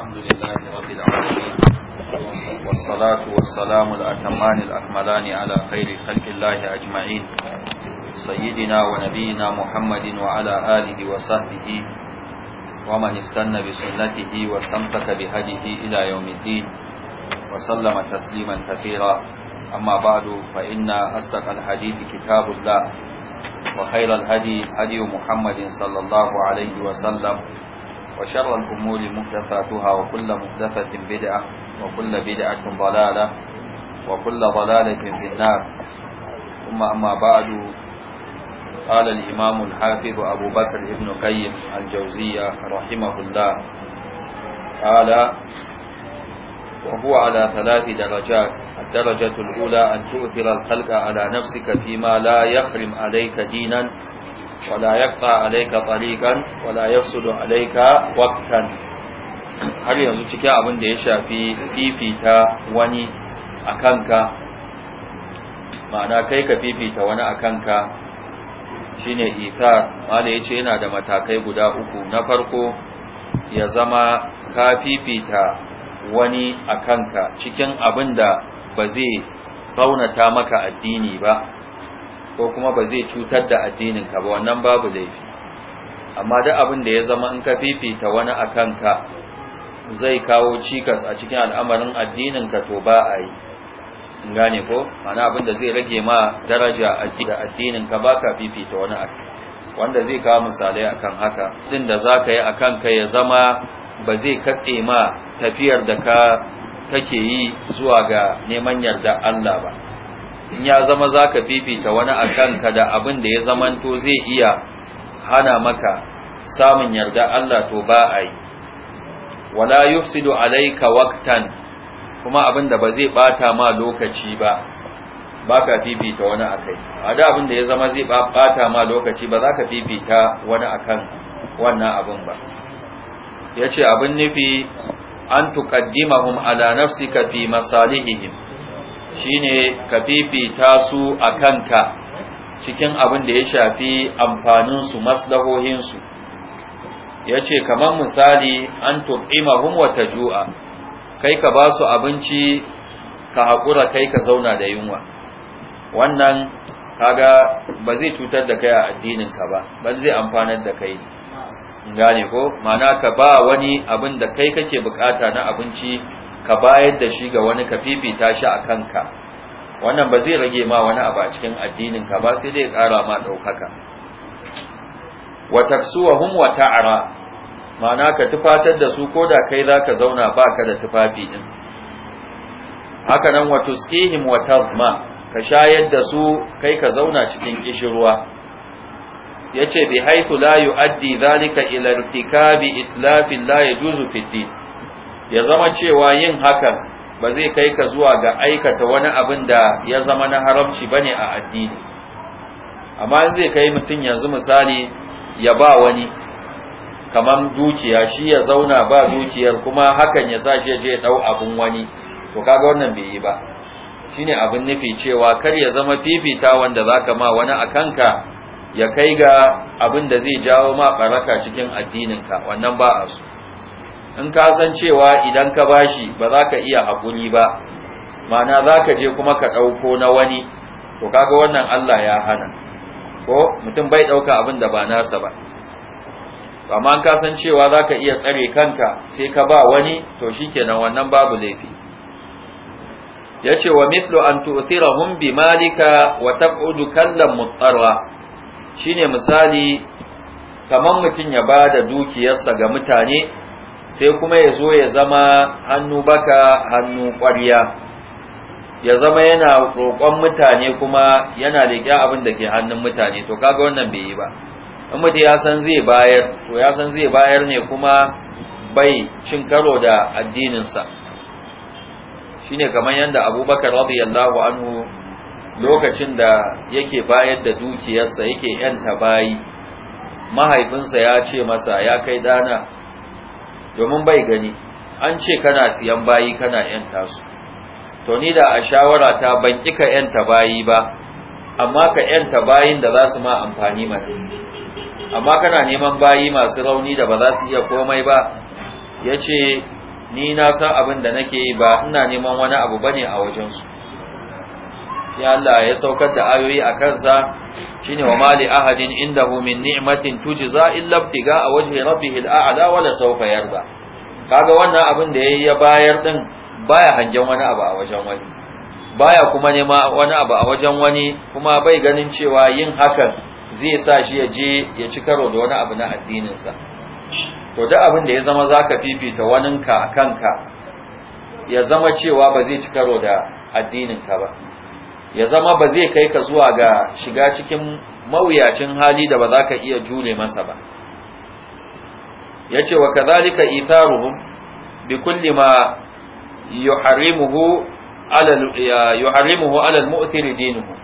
الحمد لله رب العالمين والصلاة والسلام الأتمان الأكملان على خير خلق الله أجمعين سيدنا ونبينا محمد وعلى آله وصحبه ومن استنى بسنته واستمسك بهديه إلى يوم الدين وسلم تسليما كثيرا أما بعد فإن أصدق الحديث كتاب الله وخير الهدي هدي محمد صلى الله عليه وسلم وشر الأمور محدثاتها وكل محدثة بدعة وكل بدعة ضلالة وكل ضلالة في النار ثم أما بعد قال الإمام الحافظ أبو بكر ابن قيم الجوزية رحمه الله قال وهو على ثلاث درجات الدرجة الأولى أن تؤثر الخلق على نفسك فيما لا يحرم عليك دينا wala yaqta alayka tariqan wala yafsudu har yanzu cikin abin da ya shafi fifita wani akanka ma'ana kai ka fifita wani akanka shine ithar mala yace yana da matakai guda uku na farko ya zama ka fifita wani akanka cikin abin da ba zai raunata maka addini ba ko kuma ba zai cutar da addinin ka ba wannan babu laifi amma duk abin da ya zama in ka fifita wani akan ka zai kawo cikas a cikin al'amarin addinin ka to ba a yi gane ko mana abin da zai rage ma daraja a da addinin ba ka fifita wani akan wanda zai kawo misalai akan haka din da za ka yi akan ka ya zama ba zai katse ma tafiyar da ka kake yi zuwa ga neman yarda Allah ba in ya zama za ka fifita wani a kanka da abin da ya zamanto zai iya hana maka samun yarda Allah to ba a yi wala yufsidu alaika waqtan kuma abin da ba zai bata ma lokaci ba ba ka fifita wani a a da abin da ya zama zai bata ma lokaci ba za ka fifita wani a wannan abin ba ya ce abin nufi an tuƙaddimahum ala nafsika fi masalihihim shine ka fifita su a kanka cikin abin da ya shafi amfaninsu maslahohinsu ya ce kamar misali an tu'imahum wata ju'a, kai ka ba su abinci ka haƙura kai ka zauna da yunwa wannan kaga ba zai cutar da kai a addininka ba ba zai amfanar da kai gane ko ma'ana ka ba wani abin da kai kake bukata na abinci ka bayar da shi ga wani ka fifita shi a kanka wannan ba zai rage ma wani abu a cikin addinin ka ba sai dai ƙara ma ɗaukaka wa taksuwahum wa ta'ara ma'ana ka tufatar da su koda kai zaka zauna baka da tufafi din haka nan wa tusqihim wa tazma ka shayar da su kai ka zauna cikin kishirwa yace bi haythu la yu'addi zalika ila irtikabi itlafin la yajuzu fi din ya zama cewa yin hakan ba zai kai ka zuwa ga aikata wani abin da ya zama na haramci ba ne a addini amma in zai kai mutum yanzu misali ya ba wani kamar dukiya shi ya zauna ba dukiyar kuma hakan ya sa shi ya je dau abin wani to kaga wannan bai yi ba shine abin nufi cewa kar ya zama fifita wanda zaka ma wani a ka ya kai ga abin da zai jawo ma baraka cikin addinin ka wannan ba a so in ka san cewa idan ka bashi ba za ka iya haƙuri ba mana za ka je kuma ka ɗauko na wani to kaga wannan Allah ya hana ko mutum bai ɗauka abin da ba nasa ba amma ka san cewa za ka iya tsare kanka sai ka ba wani to shi kenan wannan babu laifi ya ce wa mitlu an tu'thirahum bi malika wa taq'udu kallan muttara shine misali kamar mutum ya ba da dukiyarsa ga mutane sai kuma ya zo ya zama hannu baka hannu ƙwariya ya zama yana roƙon mutane kuma yana leƙen abin da ke hannun mutane to kaga wannan bai yi ba in mutum ya san zai bayar to ya san zai bayar ne kuma bai cin karo da addininsa Shi ne kamar yadda abubakar radiyallahu anhu lokacin da yake bayar da dukiyarsa yake yanta bayi mahaifinsa ya ce masa ya kai dana domin bai gani an ce kana siyan bayi kana yanta su to ni da a shawara ta ban kika yanta bayi ba amma ka yanta bayin da za su ma amfani mata amma kana neman bayi masu rauni da ba za su iya komai ba ya ce ni na san abin da nake yi ba ina neman wani abu bane a wajensu ya Allah ya saukar da ayoyi a kansa shine wa mali ahadin indahu min ni'matin tujza illa ibtiga a wajhi rabbihil a'la wala sawfa yarda kaga wannan abin da yayi ya bayar din baya hangen wani abu a wajen wani baya kuma nema wani abu a wajen wani kuma bai ganin cewa yin hakan zai sa shi ya je ya ci karo da wani abu na addinin sa to duk abin da ya zama zaka fifita waninka kanka ya zama cewa ba zai ci karo da addininka ba ya zama ba zai kai ka zuwa ga shiga cikin mawuyacin hali da ba za ka iya jure masa ba ya ce wa kazalika itharuhum bi kulli ma yuharrimuhu alal alal mu'thir dinuhu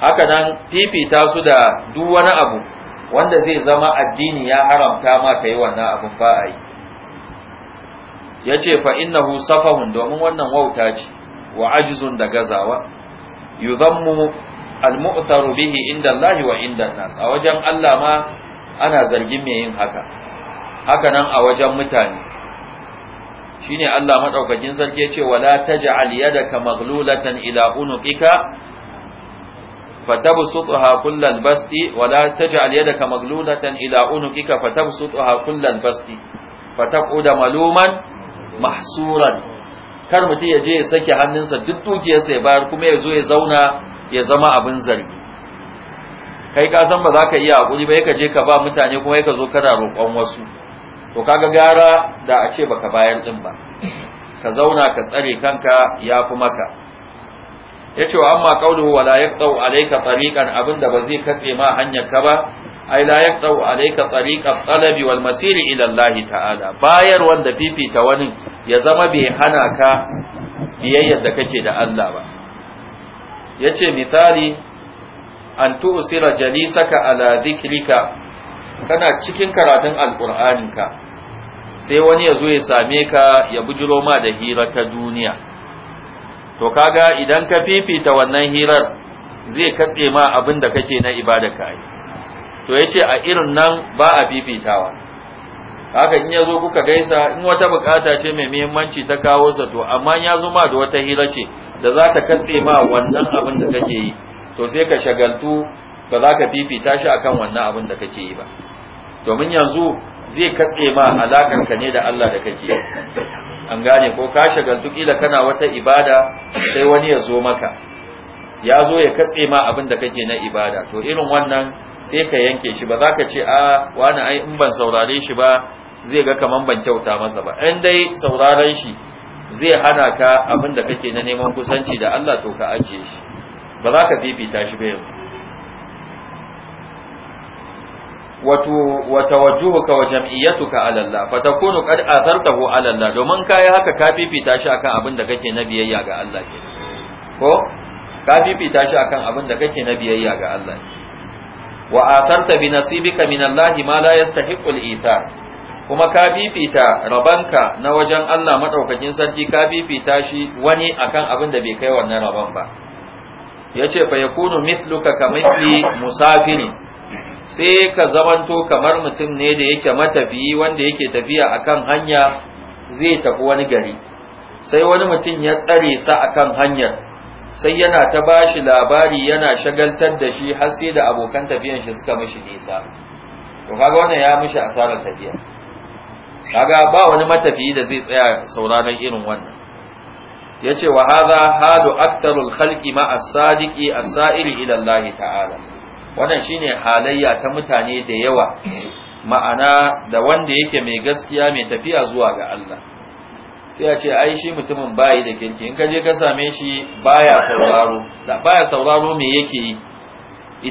haka nan fifita su da duk wani abu wanda zai zama addini ya haramta ma kai wannan abin ba a yi ya ce fa innahu safahun domin wannan wauta ce wa ajizun da gazawa yuzammu al-mu'taru bihi inda Allah wa inda nas a wajen Allah ma ana zargin mai yin haka haka nan a wajen mutane shine Allah madaukakin sarki yace wala taj'al yadaka maghlulatan ila unuqika fatabsutha kullal basti wala taj'al yadaka maghlulatan ila unuqika fatabsutha kullal basti fataquda maluman mahsuran kar mutum ya je ya sake hannunsa duk dukiyarsa ya bayar kuma ya zo ya zauna ya zama abin zargi kai ka san ba za ka iya hakuri ba ka je ka ba mutane kuma ya ka zo kana roƙon wasu to kaga gara da a ce baka bayar din ba ka zauna ka tsare kanka ya fi maka Ya ce, wa amma wa la yaqtau alayka tariqan abinda ba zai katse ma hanyar ka ba ai la yaqtau alayka tariqa talabi wal masir ila Allah ta'ala bayar wanda fifita wani ya zama bai hana ka biyayyar da kake da Allah ba yace misali an tu'sira jalisaka ala dhikrika kana cikin karatun alqur'aninka sai wani ya zo ya same ka ya bujiro ma da hira ta duniya to kaga idan ka fifita wannan hirar zai katse ma abin da kake na ibada ka yi to ya ce a irin nan ba a fifitawa haka in ya zo kuka gaisa in wata bukata ce mai muhimmanci ta kawo sa to amma ya zo ma da wata hira ce da za ta katse ma wannan abin da kake yi to sai ka shagaltu ba za ka fifita shi akan wannan abin da kake yi ba domin yanzu zai katse ma alakar ka ne da Allah da kake an gane ko ka duk ila kana wata ibada sai wani ya zo maka ya zo ya katse ma abin da kake na ibada to irin wannan sai ka yanke shi ba za ka ce a wani ai in ban saurare shi ba zai ga kaman ban kyauta masa ba in dai sauraren shi zai hana ka abin da kake na neman kusanci da Allah to ka ajiye shi ba za ka fifita shi ba yanzu watawajjuhuka wa jam'iyyatuka ala Allah fa takunu qad athartahu ala Allah domin kai haka ka fifita shi akan abin da kake na biyayya ga Allah ke ko ka fifita shi akan abin da kake na biyayya ga Allah wa atharta bi nasibika min Allah ma la yastahiqu al-ithar kuma ka fifita rabanka na wajen Allah madaukakin sarki ka fifita shi wani akan abin da bai kai wannan raban ba yace fa yakunu mithluka ka mithli musafirin sai ka zamanto kamar mutum ne da yake matafiyi wanda yake tafiya akan hanya zai tafi wani gari sai wani mutum ya tsare sa akan hanyar sai yana ta ba shi labari yana shagaltar da shi har sai da abokan tafiyan shi suka mishi nisa to kaga wannan ya mishi asarar tafiya kaga ba wani matafiyi da zai tsaya sauraron irin wannan yace wa hadha hadu aktarul khalqi ma as-sadiqi as-sa'ili ila Allah ta'ala wannan shine halayya ta mutane da yawa ma'ana da wanda yake mai gaskiya mai tafiya zuwa ga Allah sai a ce ai shi mutumin bayi da kirki in ka je ka same shi baya sauraro da baya sauraro me yake yi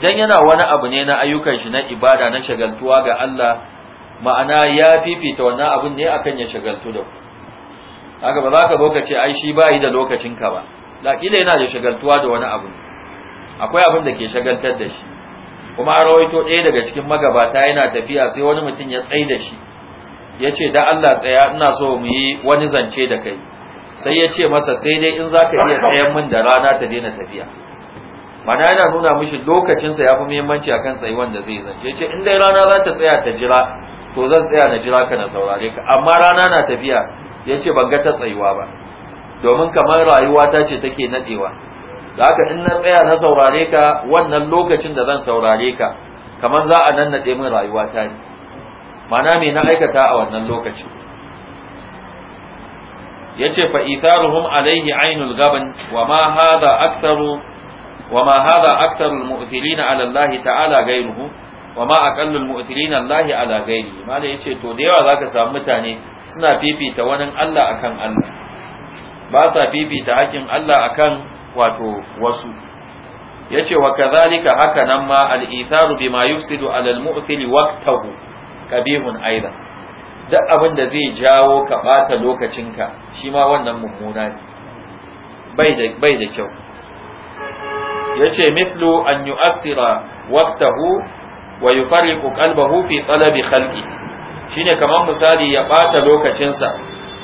idan yana wani abu ne na ayyukan shi na ibada na shagaltuwa ga Allah ma'ana ya fifita wannan abun ne akan ya shagaltu da ku haka ba za ka boka ce ai shi bayi da lokacin ka ba la kila yana da shagaltuwa da wani abu akwai abin da ke shagaltar da shi kuma a rawaito ɗaya daga cikin magabata yana tafiya sai wani mutum ya tsai da shi ya ce da Allah tsaya ina so mu yi wani zance da kai sai ya ce masa sai dai in za ka iya tsayan min da rana ta daina tafiya mana yana nuna mishi lokacinsa ya fi muhimmanci akan tsayuwan wanda zai zance ya ce in dai rana za ta tsaya ta jira to zan tsaya na jira ka na saurare ka amma rana na tafiya ya ce ban ga ta tsayuwa ba domin kamar rayuwa ta ce take nadewa da haka in na tsaya na saurare ka wannan lokacin da zan saurare ka kamar za a nan naɗe min rayuwa ta ne mana me na aikata a wannan lokacin ya ce fa'itharuhum alaihi ainul gaban wa ma hada aktaru wa ma hada aktarul mu'thilina ala Allah ta'ala gairuhu wa ma aqallul mu'thilina allahi ala gairi mala yace to da yawa zaka samu mutane suna fifita wani Allah akan Allah ba sa fifita haƙin Allah akan wato wasu ce wa kazalika haka nan ma al-itharu bima yufsidu ala al kabihun waqtahu duk abin da zai jawo ka bata lokacinka shi ma wannan mummuna ne bai da bai da kyau yace mithlu an yu'assira waqtahu wa yufarriqu qalbahu fi halki? Shi shine kamar misali ya ɓata lokacinsa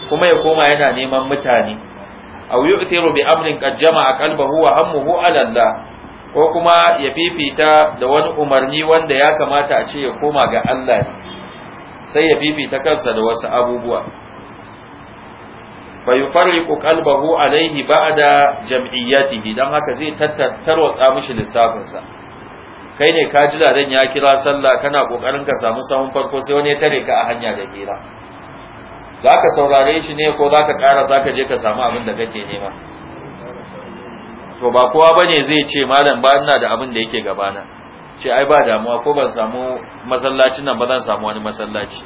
kuma ya koma yana neman mutane aw yu'thiru bi amrin qad jama'a qalbahu wa hammuhu ala Allah ko kuma ya fifita da wani umarni wanda ya kamata a ce ya koma ga Allah sai ya fifita kansa da wasu abubuwa fa yufarriqu qalbahu alayhi ba'da jam'iyyatihi dan haka zai tattarwatsa mishi lissafinsa kai ne ka ji ladan ya kira sallah kana kokarin ka samu sahun farko sai wani ya tare ka a hanya da hira za ka saurare shi ne ko za ka ƙara za ka je ka samu abin da kake nema to ba kowa ba ne zai ce malam ba ina da abin da yake gabana ce ai ba damuwa ko ban samu masallacin nan ba zan samu wani masallaci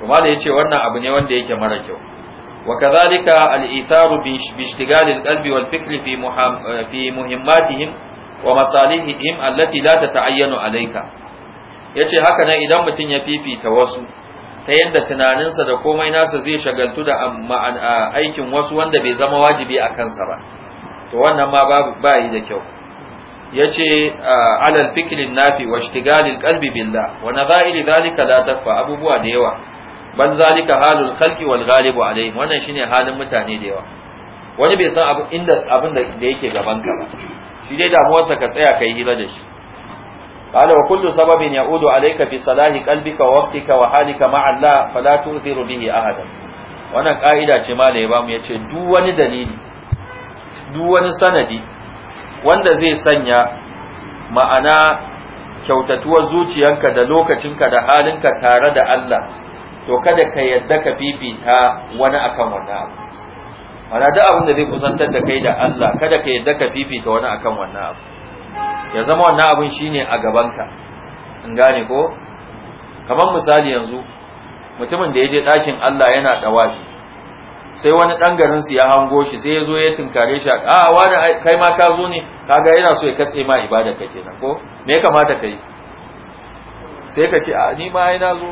to malam ya ce wannan abu ne wanda yake mara kyau وكذلك الإيثار باشتغال القلب والفكر في في مهماتهم ومصالحهم التي لا تتعين عليك yace haka nan idan mutum ya fifita wasu ta yadda tunaninsa da komai nasa zai shagaltu da aikin wasu wanda bai zama wajibi a kansa ba to wannan ma ba yi da kyau ya ce alal fikirin nafi wa shtigalil kalbi billah wa nadha'ili zalika la tafa abubuwa da yawa ban zalika halul khalqi wal ghalibu alaihim wannan shine halin mutane da yawa wani bai san abin da abin da yake gaban ka ba shi dai damuwarsa ka tsaya ka yi hira da shi قال وكل سبب يعود عليك في صلاح قلبك ووقتك وحالك مع الله فلا تؤثر به أحدا wannan ka'ida ce malai ba mu yace duk wani dalili duk wani sanadi wanda zai sanya ma'ana kyautatuwar zuciyarka da lokacinka da halinka tare da Allah to kada ka yadda ka fifita wani akan wannan abu ana da abin da zai kusantar da kai da Allah kada ka yadda ka fifita wani akan wannan abu ya zama wannan abin shine a gabanka in gane ko kamar misali yanzu mutumin da ya je ɗakin Allah yana ɗawafi sai wani ɗan garinsu ya hango shi sai ya zo ya tunkare shi a da kai ma ka zo ne kaga yana so ya katse ma ibada ka kenan ko me kamata ka yi sai ka ce a ni ma ai zo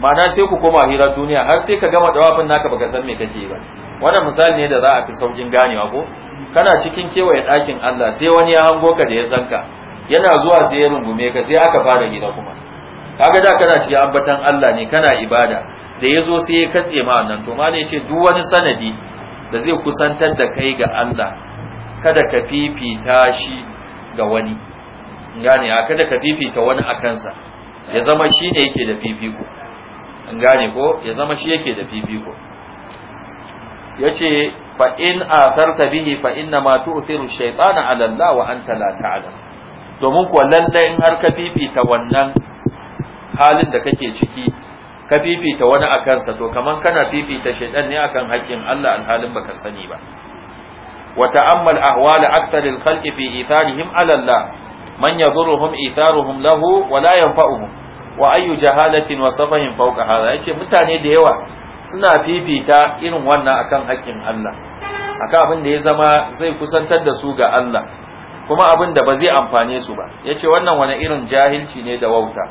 ma'ana sai ku koma hirar duniya har sai ka gama ɗawafin naka baka san me kake ba wannan misali ne da za a fi saukin ganewa ko kana cikin kewaye ɗakin Allah sai wani ya hango ka da ya san yana zuwa sai ya rungume ka sai aka fara gida kuma kaga da kana cikin ambatan Allah ne kana ibada da ya zo sai ya katse ma wannan to malai ce duk wani sanadi da zai kusantar da kai ga Allah kada ka fifita shi ga wani gane a kada ka fifita wani a kansa ya zama shi ne yake da fifiko gane ko ya zama shi yake da fifiko yace fa in atharta bihi fa inna ma tu'thiru shaytana 'ala Allah wa anta la ta'lam domin kuwa lalle in har ka fifita wannan halin da kake ciki ka fifita wani a kansa to kaman kana fifita shaytan ne akan haƙƙin Allah alhalin baka sani ba wa ta'ammal ahwal akthar al-khalq fi itharihim 'ala Allah man yadhurruhum itharuhum lahu wa la yanfa'uhum wa ayyu jahalatin wa safahin fawqa hadha yace mutane da yawa suna fifita irin wannan akan haƙƙin Allah akan abin da ya zama zai kusantar da su ga Allah kuma abin da ba zai amfane su ba yace wannan wani irin jahilci ne da wauta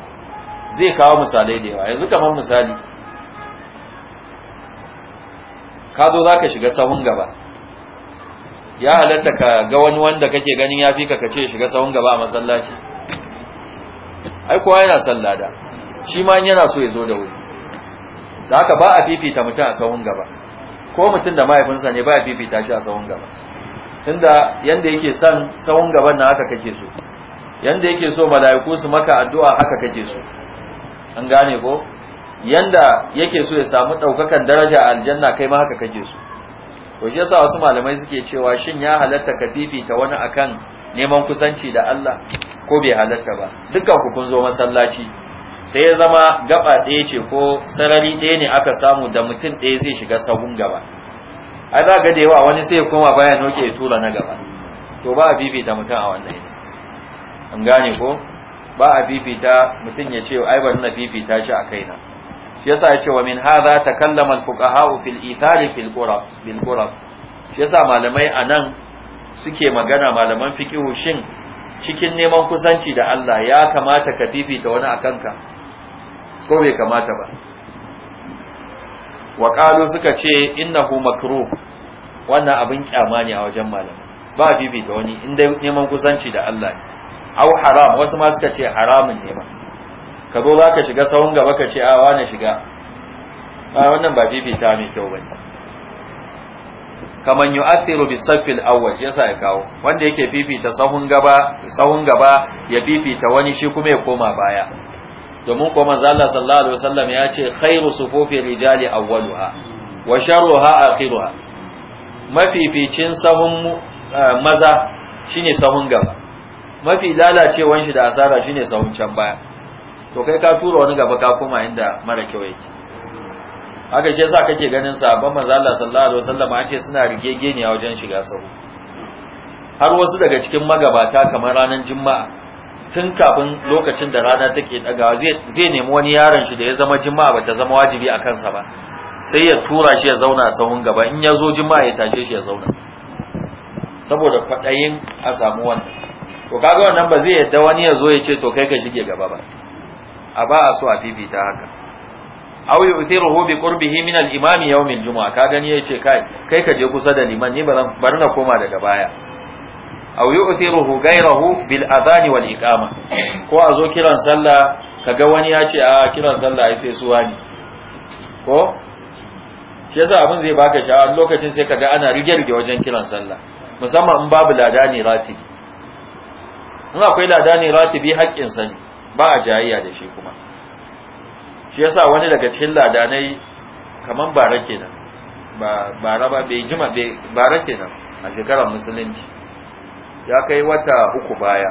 zai kawo misalai da yawa yanzu kamar misali ka zo zaka shiga sahun gaba ya halatta ka ga wani wanda kake ganin ya fi ka ce shiga sahun gaba a masallaci ai kowa yana sallada shi ma yana so ya zo da wuri da haka ba a fifita mutum a tsawon gaba ko mutum da mahaifinsa ne ba a fifita shi a tsawon gaba inda yanda yake son tsawon gaban na haka kake so yanda yake so mala'iku su maka addu'a haka kake so an gane ko yanda yake so ya samu daukakan daraja a aljanna kai ma haka kake so to shi yasa wasu malamai suke cewa shin ya halatta ka fifita wani akan neman kusanci da Allah ko bai halatta ba dukkan ku kun zo masallaci sai ya zama gaba ɗaya ce ko sarari ɗaya ne aka samu da mutum ɗaya zai shiga sahun gaba a za ga da yawa wani sai ya koma baya noke ya tura na gaba to ba a bibita mutum a wannan ne an gane ko ba a bibita mutum ya ce ai bari na bibita shi a kaina shi yasa ya ce wa min za ta al-fuqaha fil ithari fil qurab bil qurab shi yasa malamai anan suke magana malaman fiqhu shin cikin neman kusanci da Allah ya kamata ka fifita wani akan ka ko bai kamata ba wa suka ce innahu makruh wannan abin kyama ne a wajen malamai ba fifita wani in dai neman kusanci da Allah ne au haram wasu ma suka ce haramun ne ba ka zo za ka shiga sahun gaba ka ce a wane shiga ba wannan ba fifita mai kyau bane kaman yu'athiru bi safil awwal yasa ya kawo wanda yake fifita sahun gaba sahun gaba ya fifita wani shi kuma ya koma baya domin kuma manzo Allah sallallahu alaihi wasallam ya ce khairu sufufi rijali awwaluha wa sharruha akhiruha mafificin sahun eh, maza shine sahun gaba mafi lalacewan shi da asara shine sahun can baya to kai ka tura wani gaba ka koma inda mara kyau yake haka shi yasa kake ganin sahabban manzo Allah sallallahu alaihi wasallam an ce suna a wajen shiga sahu har wasu daga cikin magabata kamar ranar juma'a tun kafin lokacin da rana take dagawa zai nemi wani yaron shi da ya zama juma'a bata zama wajibi a kansa ba sai ya tura shi ya zauna a sahun gaba in ya zo juma'a ya tashe shi ya zauna saboda kwaɗayin a samu wannan to kaga wannan ba zai yadda wani ya zo ya ce to kai ka shige gaba ba a ba a so a fifita haka aw yu'thiruhu bi qurbihi min al-imami yawm al-jum'a ka gani yace kai kai ka je kusa da liman ni bazan bar na koma daga baya aw yu'thiruhu ghayrahu bil adhan wal iqama ko a zo kiran sallah kaga wani ya ce a kiran sallah ai sai suwa ne ko shi yasa abin zai baka sha'a lokacin sai kaga ana rige rige wajen kiran sallah musamman in babu ladani ratibi in akwai ladani ratibi haƙƙin sani ba a jayayya da shi kuma shi yasa wani daga cikin ladanai kaman bara kenan ba bara ba bai jima bai bara kenan a shekarar musulunci ya kai wata uku baya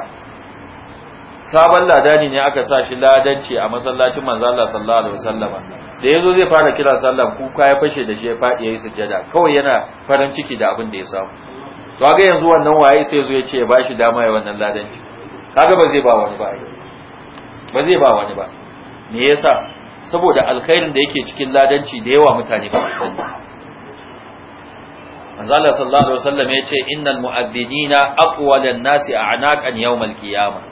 sabon ladani ne aka sa shi ladanci a masallacin manzo Allah sallallahu alaihi wasallam da yazo zai fara kira sallah kuka ya fashe da shi ya fadi yayi sujjada kawai yana farin ciki da abin da ya samu to ga yanzu wannan waye sai yazo ya ce ba shi dama ya wannan ladanci kaga ba zai ba wani ba ba zai ba wani ba me yasa saboda alkhairin da yake cikin ladanci da yawa mutane ba su sani Allah sallallahu alaihi wasallam yace innal mu'adhdhinina lan nasi a'naqan yawmal qiyamah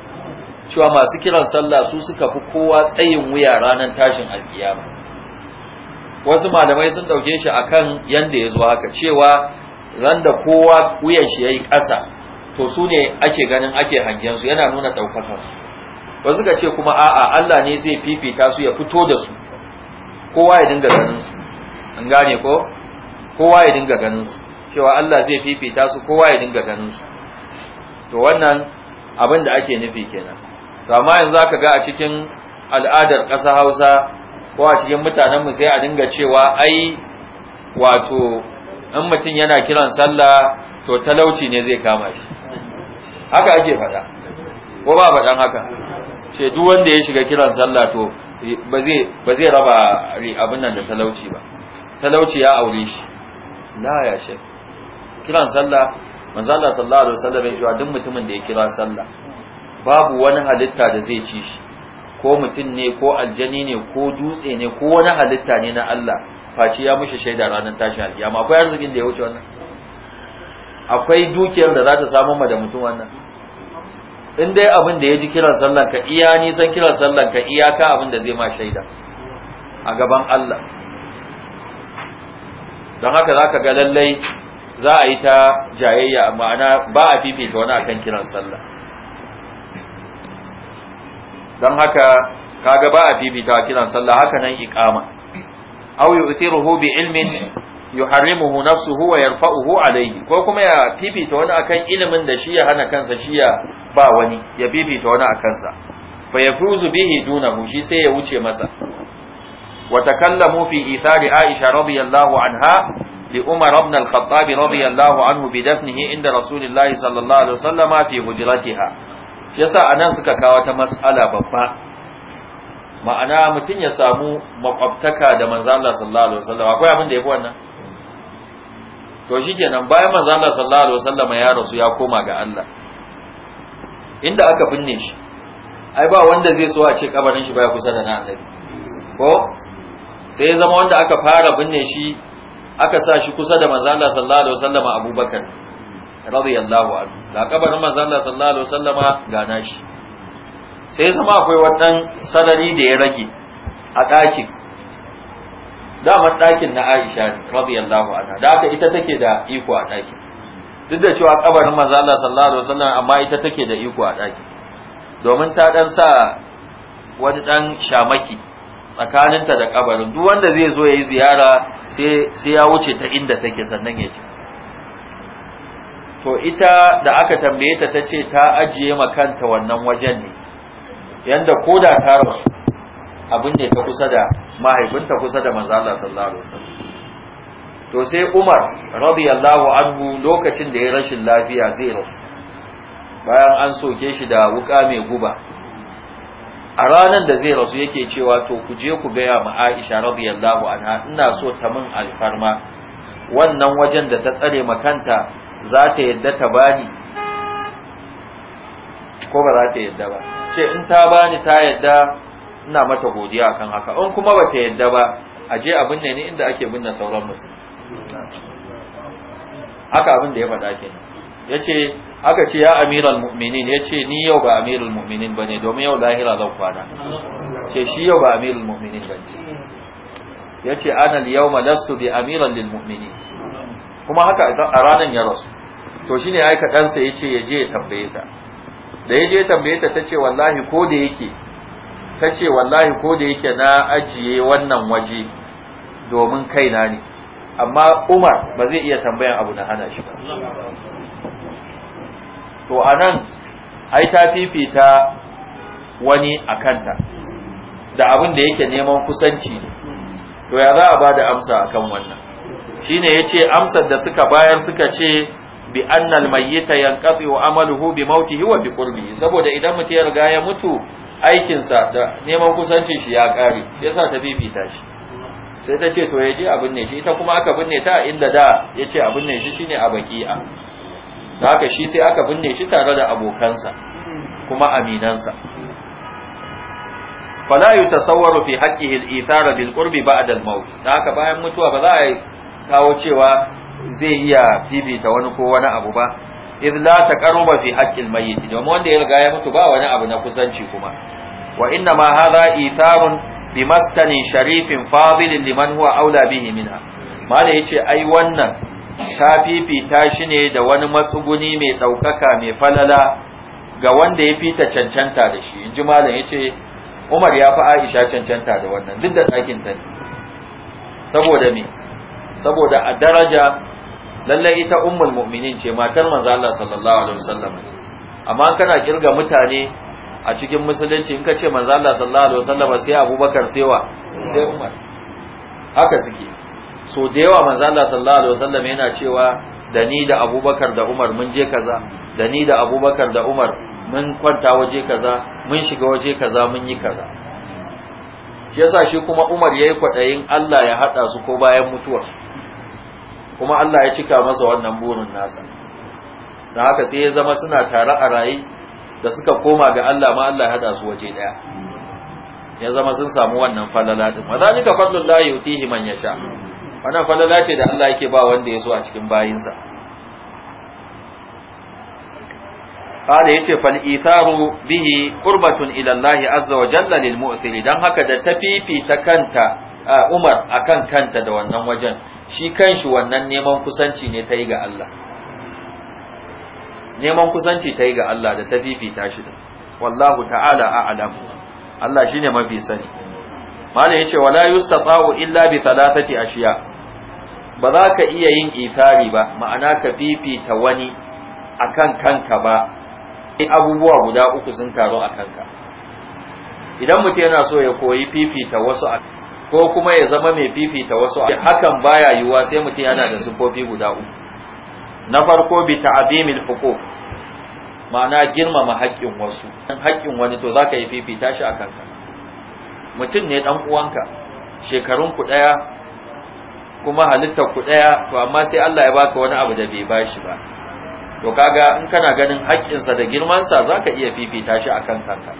cewa masu kiran sallah su suka fi kowa tsayin wuya ranar tashin alkiyama wasu malamai sun dauke shi akan yanda yazo haka cewa ran da kowa wuyan shi yayi ƙasa to su ne ake ganin ake hangen su yana nuna daukakar su ba suka ce kuma a'a Allah ne zai fifita su ya fito da su kowa ya dinga ganin su an gane ko kowa ya dinga ganin su cewa Allah zai fifita su kowa ya dinga ganin su to wannan abin da ake nufi kenan to amma yanzu zaka ga a cikin al'adar ƙasa Hausa ko a cikin mutanen mu sai a dinga cewa ai wato in mutum yana kiran sallah to talauci ne zai kama shi haka ake faɗa ko ba faɗan haka ce duk wanda ya shiga kiran sallah to ba zai raba abin nan da talauci ba talauci ya aure shi la ya she kiran sallah manzo Allah sallallahu alaihi wasallam ya cewa duk mutumin da ya kira sallah babu wani halitta da zai ci shi ko mutum ne ko aljani ne ko dutse ne ko wani halitta ne na Allah faci ya mushi shaida ranar tashin alkiyama akwai arzikin da ya wuce wannan akwai dukiyar da za ta samu ma da mutum wannan in dai abin da ya ji kiran sallan ka iya nisan kiran sallan ka iyaka abin da zai ma shaida a gaban Allah don haka za ka ga lallai za a yi ta jayayya ma'ana ba a fifita wani akan kiran sallah don haka kaga ba a fifita kiran sallah haka nan iqama aw yu'tiruhu bi ilmin yuharrimuhu nafsuhu wa yarfa'uhu alayhi ko kuma ya fifita wani akan ilimin da shi ya hana kansa shi ya ba wani ya fifita wani akan sa fa yafuzu bihi dunahu shi sai ya wuce masa wa takallamu fi ithari aisha radiyallahu anha li umar ibn al-khattab radiyallahu anhu bi dafnihi inda rasulillahi sallallahu alaihi wasallama fi hujratiha shi yasa anan suka kawo ta mas'ala babba ma'ana mutum ya samu makwabtaka da manzo Allah sallallahu alaihi wasallam akwai abin da yafi wannan to nan, bayan manzo Allah sallallahu alaihi wasallam ya rasu ya koma ga Allah inda aka binne shi ai ba wanda zai so a ce kabarin shi baya kusa da na ɗari? ko sai zama wanda aka fara binne shi aka sa shi kusa da manzo Allah sallallahu alaihi wasallam Abubakar radiyallahu anhu da kabarin manzo Allah sallallahu alaihi wasallama ga nashi sai zama akwai wannan sarari da ya rage a ɗakin damar ɗakin na Aisha ne radiyallahu anha da haka ita take da iko a ɗakin duk da cewa kabarin manzo Allah sallallahu alaihi wasallam amma ita take da iko a ɗakin domin ta dan sa wani dan shamaki tsakaninta da kabarin duk wanda zai zo yayi ziyara sai sai ya wuce ta inda take sannan ya ci to ita da aka tambaye ta ce ta ajiye ma kanta wannan wajen ne yanda koda ta rasu abin ne ta kusa da mahaifinta kusa da manzo Allah sallallahu alaihi wasallam to sai Umar radiyallahu anhu lokacin da ya rashin lafiya zai rasu bayan an soke shi da wuka mai guba a ranar da zai rasu yake cewa to ku je ku gaya ma Aisha radiyallahu anha ina so ta min alfarma wannan wajen da ta tsare makanta za ta yadda ta bani ko ba za ta yadda ba ce in ta bani ta yadda ina mata godiya akan haka in kuma ba ta yadda ba a je abin ne inda ake binne sauran musulmi haka abin da ya faɗa ke. yace aka ce ya amiral mu'minin yace ni yau ba amirul mu'minin bane domin yau lahira zan kwana ce shi yau ba amirul mu'minin bane yace ana al-yawma lastu bi amiran lil mu'minin kuma haka a ranar ya rasu to shine aika ɗansa yace ya je ya tambaye ta da ya je tambaye ta tace wallahi ko da yake ta ce wallahi ko da yake na ajiye wannan waje domin kaina ne amma umar ba zai iya tambayan abu na hana shi ba to a nan ai ta fifita wani a kanta da abin da yake neman kusanci to ya za a ba da amsa a kan wannan ne ya ce amsar da suka bayan suka ce bi annal mayyita yanqati wa amaluhu bi mautihi wa bi qurbihi saboda idan mutum ya riga ya mutu aikinsa da neman kusanci shi ya ƙare yasa ta bibita shi sai ta ce to ya je a binne shi ita kuma aka binne ta inda da ya ce a binne shi shine a baki'a da haka shi sai aka binne shi tare da abokansa kuma aminansa fala yutasawwaru fi haqqihi al-ithara bil qurbi ba'da al-maut da haka bayan mutuwa ba za a kawo cewa zai iya bibita wani ko wani abu ba ta taqarruba fi haqqil mayyit domin wanda ya riga ya mutu ba wani abu na kusanci kuma wa inna ma hadha itharun bi maskanin sharifin fadilin liman huwa aula bihi Malam mala yace ai wannan ta fifita shi ne da wani matsuguni mai ɗaukaka mai falala ga wanda ya fita cancanta da shi in malam ya ce umar ya fi aisha cancanta da wannan duk da ta ne saboda me saboda a daraja lallai ita ummul mu'minin ce matar manzo Allah sallallahu alaihi wasallam amma kana kirga mutane a cikin musulunci in ka ce manzo Allah sallallahu alaihi wasallam sai Abubakar sai wa sai Umar haka suke so da yawa manzo Allah sallallahu alaihi wasallam yana cewa da ni da Abubakar da Umar mun je kaza da ni da Abubakar da Umar mun kwanta waje kaza mun shiga waje kaza mun yi kaza shi yasa shi kuma Umar yayi kwadayin Allah ya hada su ko bayan mutuwa kuma Allah ya cika masa wannan burin nasa don haka sai ya zama suna tare a raye da suka koma ga Allah ma Allah ya hada su waje daya ya zama sun samu wannan falala din wadalika fadlullahi yutihi man yasha wannan falala ce da Allah yake ba wanda ya so a cikin bayinsa قال يتي فالإيثار به قربة إلى الله عز وجل للمؤثر دان haka da tafifi fifita Umar akan kanta da wannan wajen shi kanshi wannan neman kusanci ne tayi ga Allah neman kusanci tayi ga Allah da ta fifita shi wallahu ta'ala a'lam Allah shine mafi sani malam yace wala yustata'u illa bi a ashiya ba za ka iya yin itari ba ma'ana ka fifita wani akan kanka ba abubuwa guda uku sun taru a kanka idan mutum yana so ya koyi fifita wasu ko kuma ya zama mai fifita wasu hakan baya yiwuwa sai mutum yana da siffofi guda uku na farko bi ta'zimil huquq ma'ana girmama haƙƙin wasu haƙƙin wani to zaka yi fifita shi a kanka? mutum ne dan uwanka shekarun ku daya kuma halittar ku ɗaya, to amma sai Allah ya baka wani abu da bai bashi ba to kaga in kana ganin haƙƙinsa da girmansa za ka iya fifita shi a kan kanka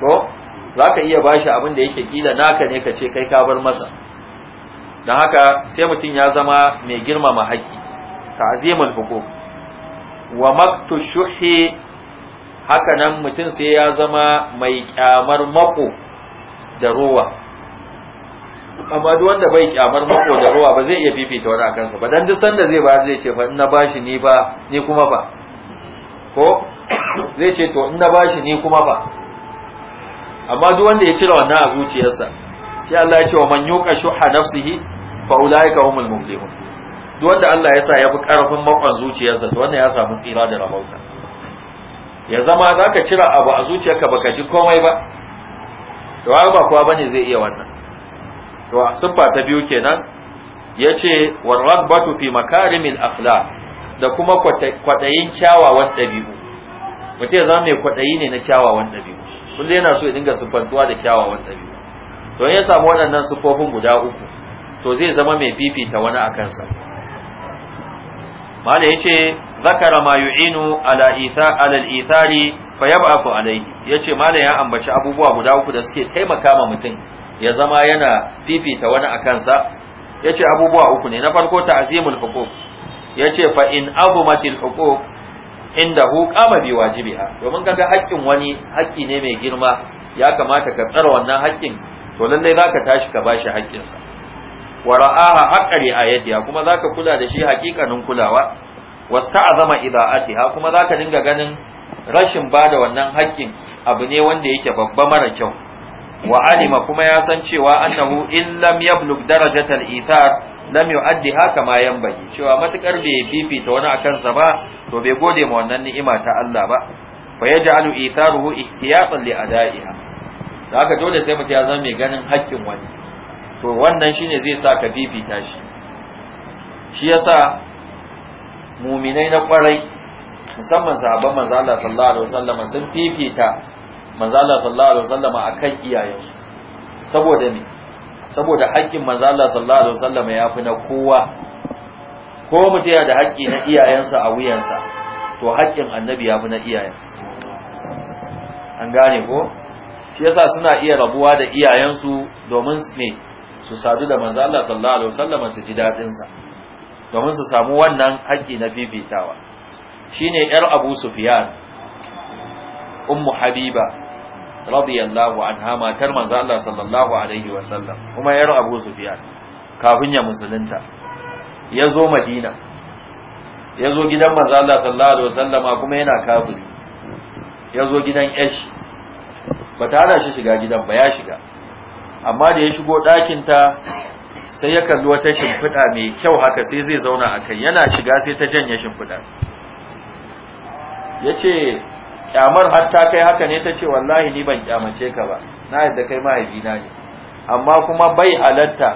ko za ka iya shi abin da yake ƙila naka ne ka ce kai ka bar masa don haka sai mutum ya zama mai girmama haƙƙi ta'zimul hukum wa maktu shuhi haka nan mutum sai ya zama mai ƙyamar mako da ruwa amma duk wanda bai kyamar mako da ruwa ba zai iya fifita wani akan sa ba dan duk sanda zai ba zai ce fa in na bashi ni ba ni kuma ba ko zai ce to in na bashi ni kuma ba amma duk wanda ya cire wannan a zuciyarsa sai Allah ya ce wa man yuqa shuha nafsihi fa ulaika humul muflihun duk wanda Allah ya sa ya fi karfin makon zuciyarsa to wannan ya samu tsira da rabauta ya zama zaka cira abu a zuciyarka baka ji komai ba to ba kowa bane zai iya wannan to siffa ta biyu kenan yace warragbatu fi makarimil akhlaq da kuma kwadayin kyawawan dabi'u mutum ya zama mai kwadayi ne na kyawawan dabi'u kullum yana so ya dinga siffantuwa da kyawawan dabi'u to ya samu waɗannan siffofin guda uku to zai zama mai fifita wani a kansa mala yace zakara ma yu'inu ala itha ala al-ithari fa yab'afu alayhi yace mala ya ambaci abubuwa guda uku da suke taimaka ma mutum ya zama yana fifita wani a kansa ya ce abubuwa uku ne na farko ta azimul hukuk ya ce fa in abu matil hukuk inda hu kama bi ha domin kaga haƙƙin wani haƙƙi ne mai girma ya kamata ka tsara wannan haƙƙin to lallai zaka tashi ka bashi haƙƙinsa wa ra'aha haqqari ayatiha kuma zaka kula da shi haƙiƙanin kulawa Wasu wasta'azama ida'atiha kuma zaka dinga ganin rashin bada wannan haƙƙin abu ne wanda yake babba mara kyau Wa'alima kuma ya san cewa annahu in lam yablug darajatal ithar lam yu'addi haka ma baki cewa matukar bai fifita wani akan sa ba to bai gode ma wannan ni'ima ta Allah ba fa yaj'alu itharuhu ihtiyatan li ada'iha haka dole sai mutum ya zama mai ganin haƙƙin wani to wannan shine zai sa ka fifita shi shi yasa muminai na kwarai musamman sahabban manzo Allah sallallahu alaihi wasallam sun fifita manzo Allah sallallahu alaihi wasallama akan iyayensu saboda ne saboda haƙƙin manzo Allah sallallahu alaihi wasallama yafi na kowa ko mutaya da haƙƙi na iyayensa a wuyansa to haƙƙin annabi yafi na iyayensa an gane ko shi yasa suna iya rabuwa da iyayensu domin ne su sadu da manzo Allah sallallahu alaihi wasallama su ji dadin sa domin su samu wannan haƙƙi na fifitawa shine yar Abu Sufyan ummu Habiba radiyallahu anha matar manzo Allah sallallahu alaihi wasallam kuma yar Abu Sufyan kafin ya musulunta ya zo Madina ya zo gidan manzo Allah sallallahu alaihi wasallama kuma yana kafiri ya zo gidan Aish ba ta hana shi shiga gidan ba ya shiga amma da ya shigo ɗakin ta sai ya kalli wata shimfiɗa mai kyau haka sai zai zauna akan yana shiga sai ta janye shimfiɗa ya ce kyamar hatta kai haka ne ta ce wallahi ni ban kyamace ka ba na yadda kai mahaifina ne amma kuma bai alatta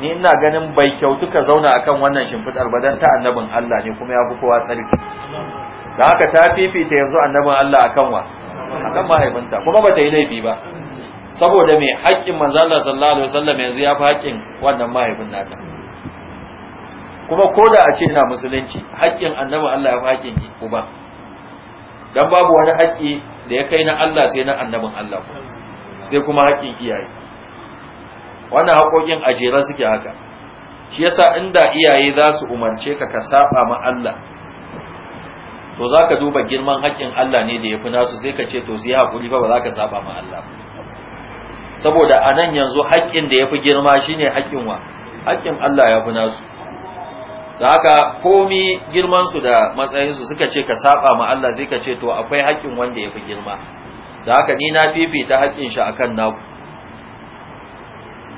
ni ina ganin bai kyautu ka zauna akan wannan shimfidar ba dan ta annabin Allah ne kuma ya fi kowa tsarki da haka ta fifita yanzu annabin Allah akan wa akan mahaifinta kuma ba ta yi laifi ba saboda mai haƙƙin Allah sallallahu alaihi wasallam yanzu ya fi haƙƙin wannan mahaifin nata kuma ko da a ce ina musulunci haƙƙin annabi Allah ya fi haƙƙin uba dan babu wani haƙƙi da ya kai na Allah sai na annabin Allah sai kuma haƙƙin iyaye wannan haƙoƙin ajera suke haka shi yasa inda iyaye za su umarce ka ka saba ma Allah to za ka duba girman haƙƙin Allah ne da ya fi nasu sai ka ce to sai haƙuri ba ba za ka saba ma Allah saboda a nan yanzu haƙƙin da ya fi girma shine haƙƙin wa haƙƙin Allah ya fi nasu da haka komi girmansu da matsayinsu suka ce ka saba ma Allah zai ka ce to akwai haƙƙin wanda ya fi girma da haka ni na fifita haƙƙin shi akan naku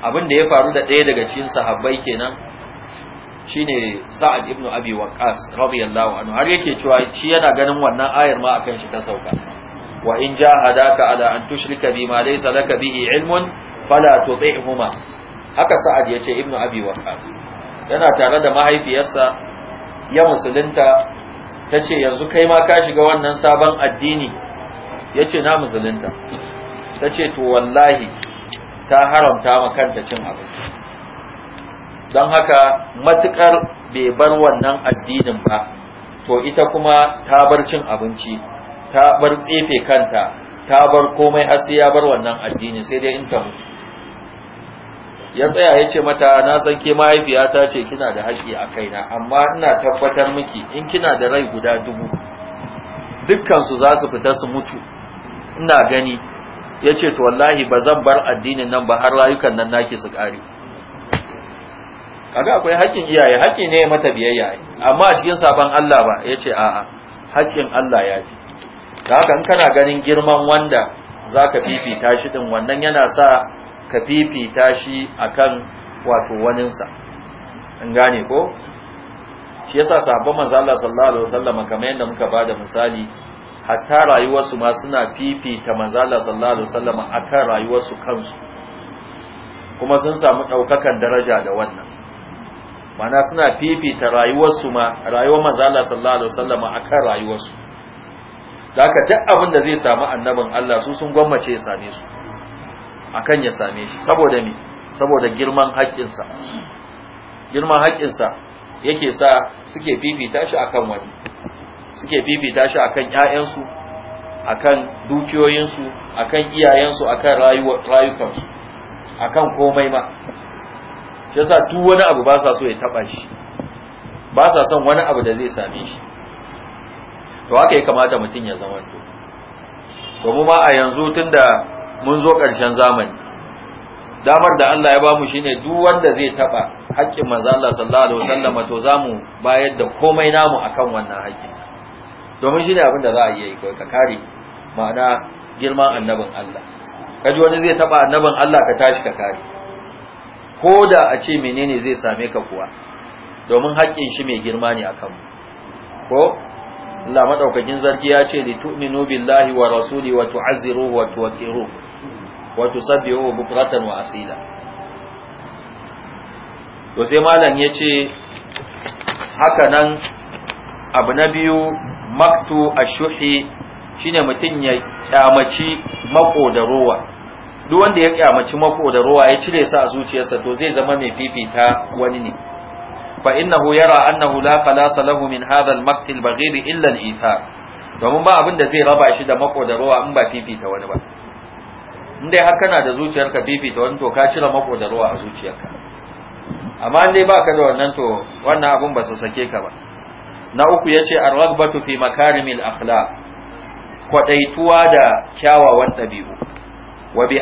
abin da ya faru da ɗaya daga cikin sahabbai kenan shine Sa'ad ibn Abi Waqqas radiyallahu anhu har yake cewa shi yana ganin wannan ayar ma akan shi ta sauka wa in jahadaka ala an tushrika bima laysa laka bihi ilmun fala tuti'huma haka Sa'ad yace Ibnu Abi Waqqas yana tare da mahaifiyarsa ya musulunta ta ce yanzu kai ma ka shiga wannan sabon addini ya ce na musulunta ta ce to wallahi ta haramta ma kanta cin abinci don haka matukar bai bar wannan addinin ba to ita kuma ta bar cin abinci ta bar tsefe kanta ta bar komai har ya bar wannan addini sai dai in ta mutu ya tsaya ya ce mata na san ke mahaifiyata ce kina da haƙƙi a kaina amma ina tabbatar miki in kina da rai guda dubu dukkansu za su fita su mutu ina gani ya ce to wallahi ba zan bar addinin nan ba har rayukan nan naki su ƙare kaga akwai haƙƙin iyaye haƙƙi ne mata biyayya amma a cikin sabon Allah ba ya ce a'a haƙƙin Allah ya fi da haka in kana ganin girman wanda zaka fifita shi din wannan yana sa ka fifita shi akan wato waninsa an gane ko shi yasa sahabban manzo Allah sallallahu alaihi wasallam kamar yadda muka bada misali hatta rayuwarsu ma suna fifita manzo Allah sallallahu alaihi wasallam akan rayuwarsu kansu kuma sun samu daukakan daraja da wannan mana suna fifita su ma rayuwar manzo Allah sallallahu alaihi wasallam akan rayuwarsu da haka duk abin da zai samu annabin Allah su sun gwammace ya same su akan ya same shi saboda me saboda girman haƙƙinsa girman haƙƙinsa yake sa suke fifita shi akan wani suke fifita shi akan ƴaƴansu akan dukiyoyinsu akan iyayensu akan rayukansu akan komai ma shi yasa duk wani abu ba sa so ya taba shi ba sa son wani abu da zai same shi to haka ya kamata mutum ya zama to mu ma a yanzu tunda mun zo ƙarshen zamani damar da Allah ya ba mu shine duk wanda zai taba haƙƙin manzo Allah sallallahu alaihi wasallam to zamu bayar da komai namu akan wannan haƙƙi domin shine abin da za a iya yi kai ka kare ma'ana girman annabin Allah kaji wani zai taba annabin Allah ka tashi ka kare ko da a ce menene zai same ka kuwa domin haƙƙin shi mai girma ne akan mu ko Allah madaukakin zargi ya ce li tu'minu billahi wa rasuli wa tu'azziruhu wa tuwaqqiruhu wa tusabbihu bukratan wa asila to sai malam yace haka nan abu na biyu maktu ashuhi shine mutum ya kyamaci mako da ruwa duk wanda ya kyamaci mako da ruwa ya cire sa a zuciyarsa to zai zama mai fifita wani ne fa innahu yara annahu la falasa lahu min hadha al-maqt al illa al-ithar domin ba abin da zai raba shi da mako da ruwa in ba fifita wani ba in dai har kana da zuciyarka da wani to ka cire mako da ruwa a zuciyarka amma in dai baka da wannan to wannan abun ba su sake ka ba na uku yace ar ragbatu fi makarimil akhlaq kwadaituwa da kyawawan dabi'u wa bi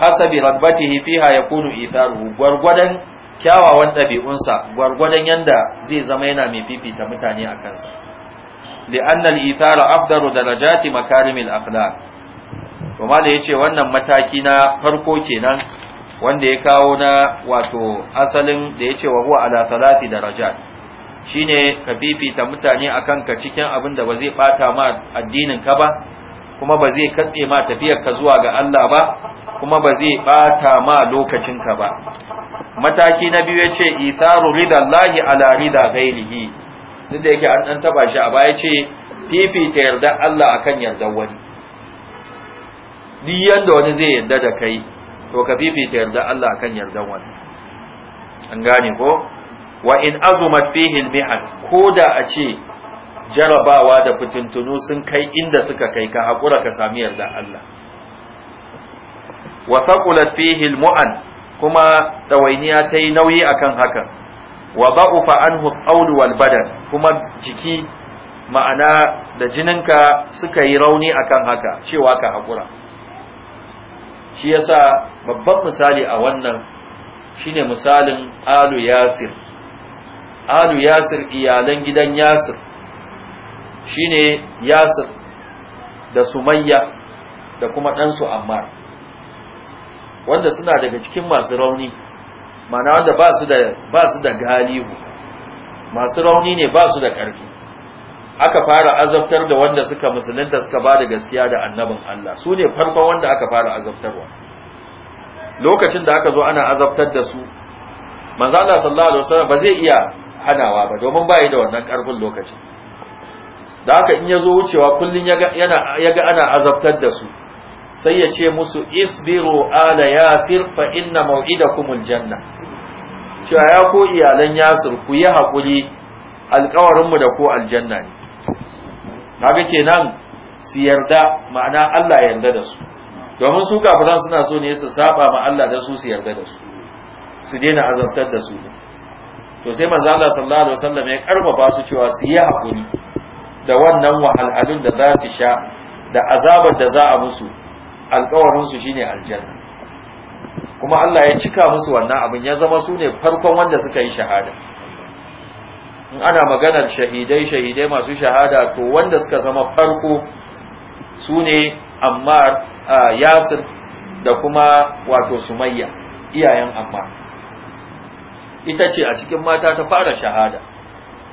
hasabi ragbatihi fiha yakunu itharu gwargwadon kyawawan dabi'unsa gwargwadon yanda zai zama yana mai fifita mutane a kansa anna al-ithara afdalu darajati makarimil akhlaq to ya ce wannan mataki na farko kenan wanda ya kawo na wato asalin da yace wa huwa ala salati darajat shine ka fifita mutane akan ka cikin abin da ba zai bata ma addinin ka ba kuma ba zai katse ma tafiyar ka zuwa ga Allah ba kuma ba zai bata ma lokacin ka ba mataki na biyu yace itharu ridallahi ala rida ghairihi duk da yake an dan taba shi a baya ce fifita yarda Allah akan yarda wani duk yanda wani zai yarda da kai to ka fifita yarda Allah akan yardan wani an gane ko wa in azumat fihi al ko da a ce jarabawa da fitintunu sun kai inda suka kai ka hakura ka sami yarda Allah wa thaqulat fihi al-mu'an kuma tawainiya ta yi nauyi akan haka wa fa anhu al wal badan kuma jiki ma'ana da jinin ka suka yi rauni akan haka cewa ka hakura shi yasa babban misali a wannan shine misalin alu yasir alu yasir iyalan gidan yasir shine yasir da sumayya da kuma ɗansu ammar wanda suna daga cikin masu rauni mana wanda ba su da galihu masu rauni ne ba su da ƙarfi aka fara azabtar da wanda suka musulunta suka ba da gaskiya da annabin Allah su ne farkon wanda aka fara azabtarwa lokacin da aka zo ana azabtar da su manzo Allah sallallahu alaihi wasallam ba zai iya hanawa ba domin bai da wannan karfin lokacin da haka in yazo wucewa kullun yaga yana yaga ana azabtar da su sai ya ce musu isbiru ala yasir fa inna maw'idakumul janna cewa ya ko iyalan yasir ku yi hakuri alƙawarinmu da ko aljanna ne kaga kenan su yarda ma'ana Allah ya yarda da su domin su kafiran suna so ne su saba ma Allah da su su yarda da su su daina azabtar da su to sai manzo Allah sallallahu alaihi wasallam ya karfafa su cewa su yi hakuri da wannan wahalhalun da za su sha da azabar da za a musu alƙawarin su shine aljanna kuma Allah ya cika musu wannan abin ya zama su ne farkon wanda suka yi shahada in ana maganar shahidai shahidai masu shahada to wanda suka zama farko su ne ammar yasir da kuma wato sumayya iyayen ammar ita ce a cikin mata ta fara shahada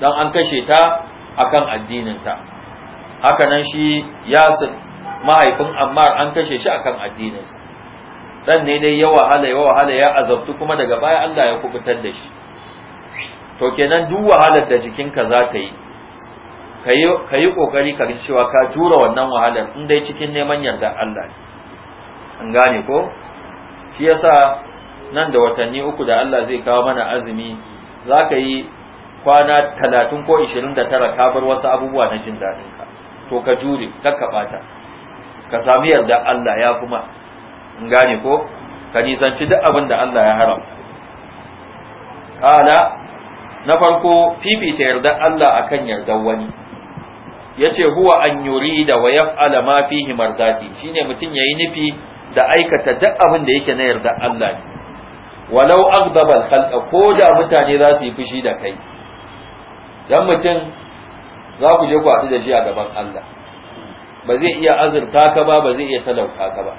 don an kashe ta akan addininta haka nan shi yasir mahaifin ammar an kashe shi akan addininsa ɗan ne dai ya wahala ya wahala ya azabtu kuma daga baya Allah ya kubutar da shi to kenan duk wahalar da jikinka za ta yi ka yi ƙoƙari ka cewa ka jura wannan wahalar in dai cikin neman yarda Allah ne an gane ko shi yasa nan da watanni uku da Allah zai kawo mana azumi za ka yi kwana talatin ko ishirin da tara ka bar wasu abubuwa na jin daɗin ka to ka jure ka ɓata ka sami yarda Allah ya kuma in gane ko ka nisanci duk abin da Allah ya haram ƙala na farko ta yarda Allah akan yardar wani yace huwa an da wa yaf'ala ma fihi mardati shine mutun yayi nufi da aikata duk abin da yake na yarda Allah ne walau aghdaba al-khalqa ko da mutane za su yi fushi da kai dan mutun za ku je ku hadu da shi a gaban Allah ba zai iya azurta ka ba ba zai iya talauka ka ba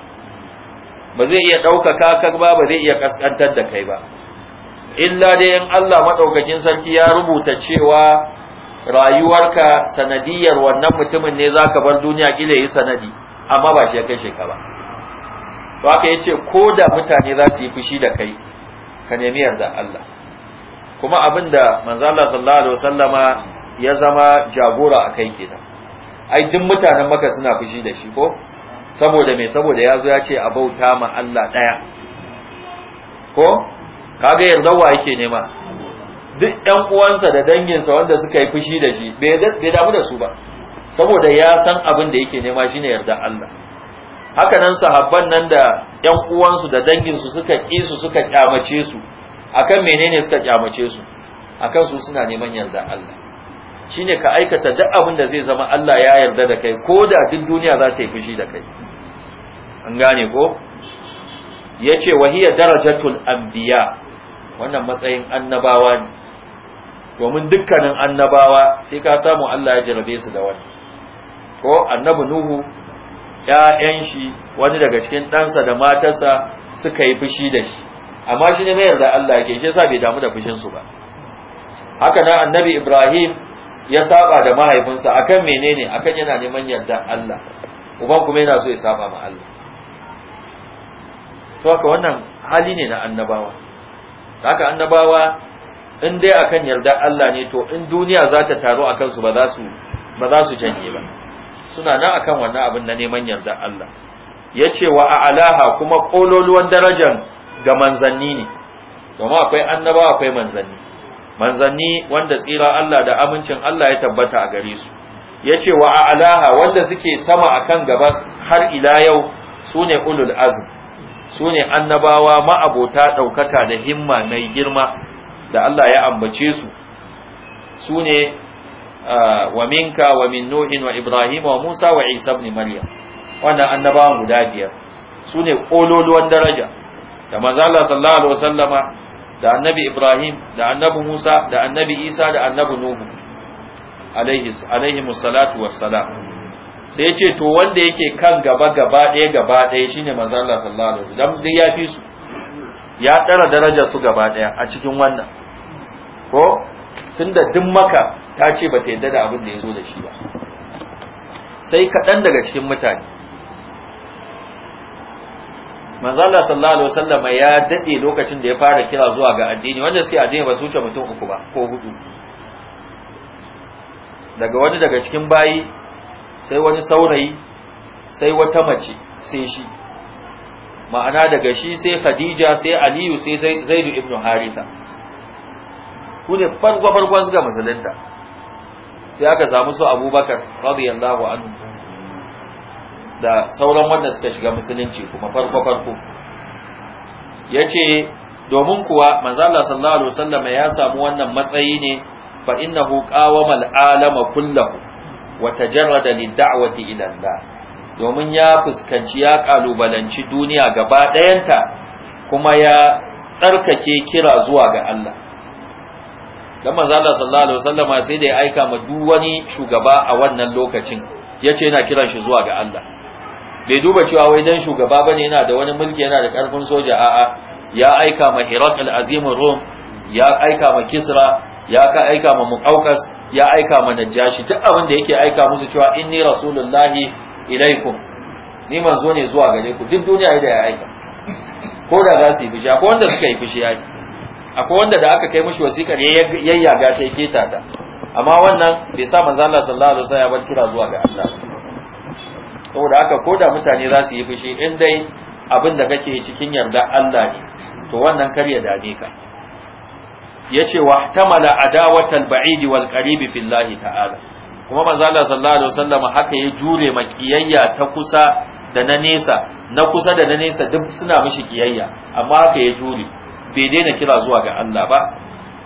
ba zai iya ɗaukaka ka ba ba zai iya kaskantar da kai ba illa dai in Allah maɗaukakin sarki ya rubuta cewa rayuwarka sanadiyar wannan mutumin ne zaka bar duniya ya yi sanadi amma ba shi ya kai ba to haka yace ko da mutane za su yi fushi da kai ka nemi yarda Allah kuma abin da Allah sallallahu alaihi wasallama ya zama jagora a kai kenan ai duk mutanen maka suna fushi da shi ko saboda me saboda yazo ya ce a bauta ma Allah ɗaya ko kaga yarda wa yake nema duk ɗan uwansa da danginsa wanda suka yi fushi da shi bai damu da su ba saboda ya san abin da yake nema shine yarda Allah haka nan sahabban nan da ƴan uwansu da danginsu suka ƙi su suka kyamace su akan menene suka kyamace su akan su suna neman yarda Allah shine ka aikata duk abin da zai zama Allah ya yarda da kai ko da duk duniya za ta yi fushi da kai an gane ko yace wahiya darajatul anbiya wannan matsayin annabawa ne domin dukkanin annabawa sai ka samu Allah ya jarabe su da wani ko annabi nuhu ƴaƴan shi wani daga cikin ɗansa da matarsa suka yi fushi da shi amma shi ne mai yarda Allah yake shi yasa bai damu da fushin su ba haka nan annabi Ibrahim ya saba da mahaifinsa akan menene akan yana neman yarda Allah uban kuma yana so ya saba ma Allah to haka wannan hali ne na annabawa haka annabawa in dai akan yarda Allah ne to in duniya za ta taru akan su ba za su ba za su janye ba suna nan akan wannan abin na neman yarda Allah yace wa a'laha kuma kololuwan darajan ga manzanni ne domin akwai annabawa akwai manzanni manzanni wanda tsira Allah da amincin Allah ya tabbata a gare su yace wa a'laha wanda suke sama akan gaba har ila yau sune ulul azm su ne annabawa ma'abota ɗaukaka da himma mai girma da Allah ya ambace su su ne wa minka wa min nuhin wa ibrahim wa musa wa isa ibn maryam wannan annabawan guda biyar su ne ƙololuwan daraja da manzo Allah sallallahu alaihi wasallama da annabi ibrahim da annabi musa da annabi isa da annabi nuhu alaihi alaihi wassalatu wassalam sai ce to wanda yake kan gaba gaba ɗaya gaba ɗaya shine manzo Allah sallallahu alaihi wasu dai ya fi su ya ɗara darajar su gaba ɗaya a cikin wannan ko da duk maka ta ce ba ta yadda da abin da ya zo da shi ba sai kaɗan daga cikin mutane Allah sallallahu alaihi wasallam ya daɗe lokacin da ya fara kira zuwa ga addini wanda suke addini ba su wuce mutum uku ba ko hudu daga wani daga cikin bayi sai wani saurayi sai wata mace sai shi ma'ana daga shi sai khadija sai aliyu sai zaidu Ibn haritha ku ne farko farkon suka musulunta sai aka samu su abubakar radiyallahu anhu da sauran wanda suka shiga musulunci kuma farko farko yace domin kuwa manzo Allah sallallahu alaihi wasallam ya samu wannan matsayi ne fa innahu qawama al-alama kullahu wata tajarrada lid-da'wati ila Allah domin ya fuskanci ya kalubalanci duniya gaba ɗayanta kuma ya tsarkake kira zuwa ga Allah dan manzo Allah sallallahu alaihi wasallam sai da ya aika ma duk wani shugaba a wannan lokacin yace yana kiran shi zuwa ga Allah bai duba cewa wai dan shugaba bane yana da wani mulki yana da karfin soja a'a ya aika ma Hiraq al-Azim Rum ya aika ma Kisra ya ka aika ma Muqawqas ya aika ma najashi duk abin da yake aika musu cewa inni rasulullahi ilaikum ni manzo ne zuwa gare ku duk duniya da ya aika ko da za su yi fushi akwai wanda suka yi fushi yi akwai wanda da aka kai mushi wasikar yayyaga ta keta ta amma wannan bai sa manzo Allah sallallahu alaihi wasallam bar kira zuwa ga Allah saboda haka ko da mutane za su yi fushi in dai abin da kake cikin yarda Allah ne to wannan kar ya dame ka yace wahtamala adawatal ba'idi wal qaribi billahi ta'ala kuma manzo Allah sallallahu alaihi wasallam haka ya jure ma kiyayya ta kusa da na nesa na kusa da na nesa duk suna mishi kiyayya amma haka ya jure bai daina kira zuwa ga Allah ba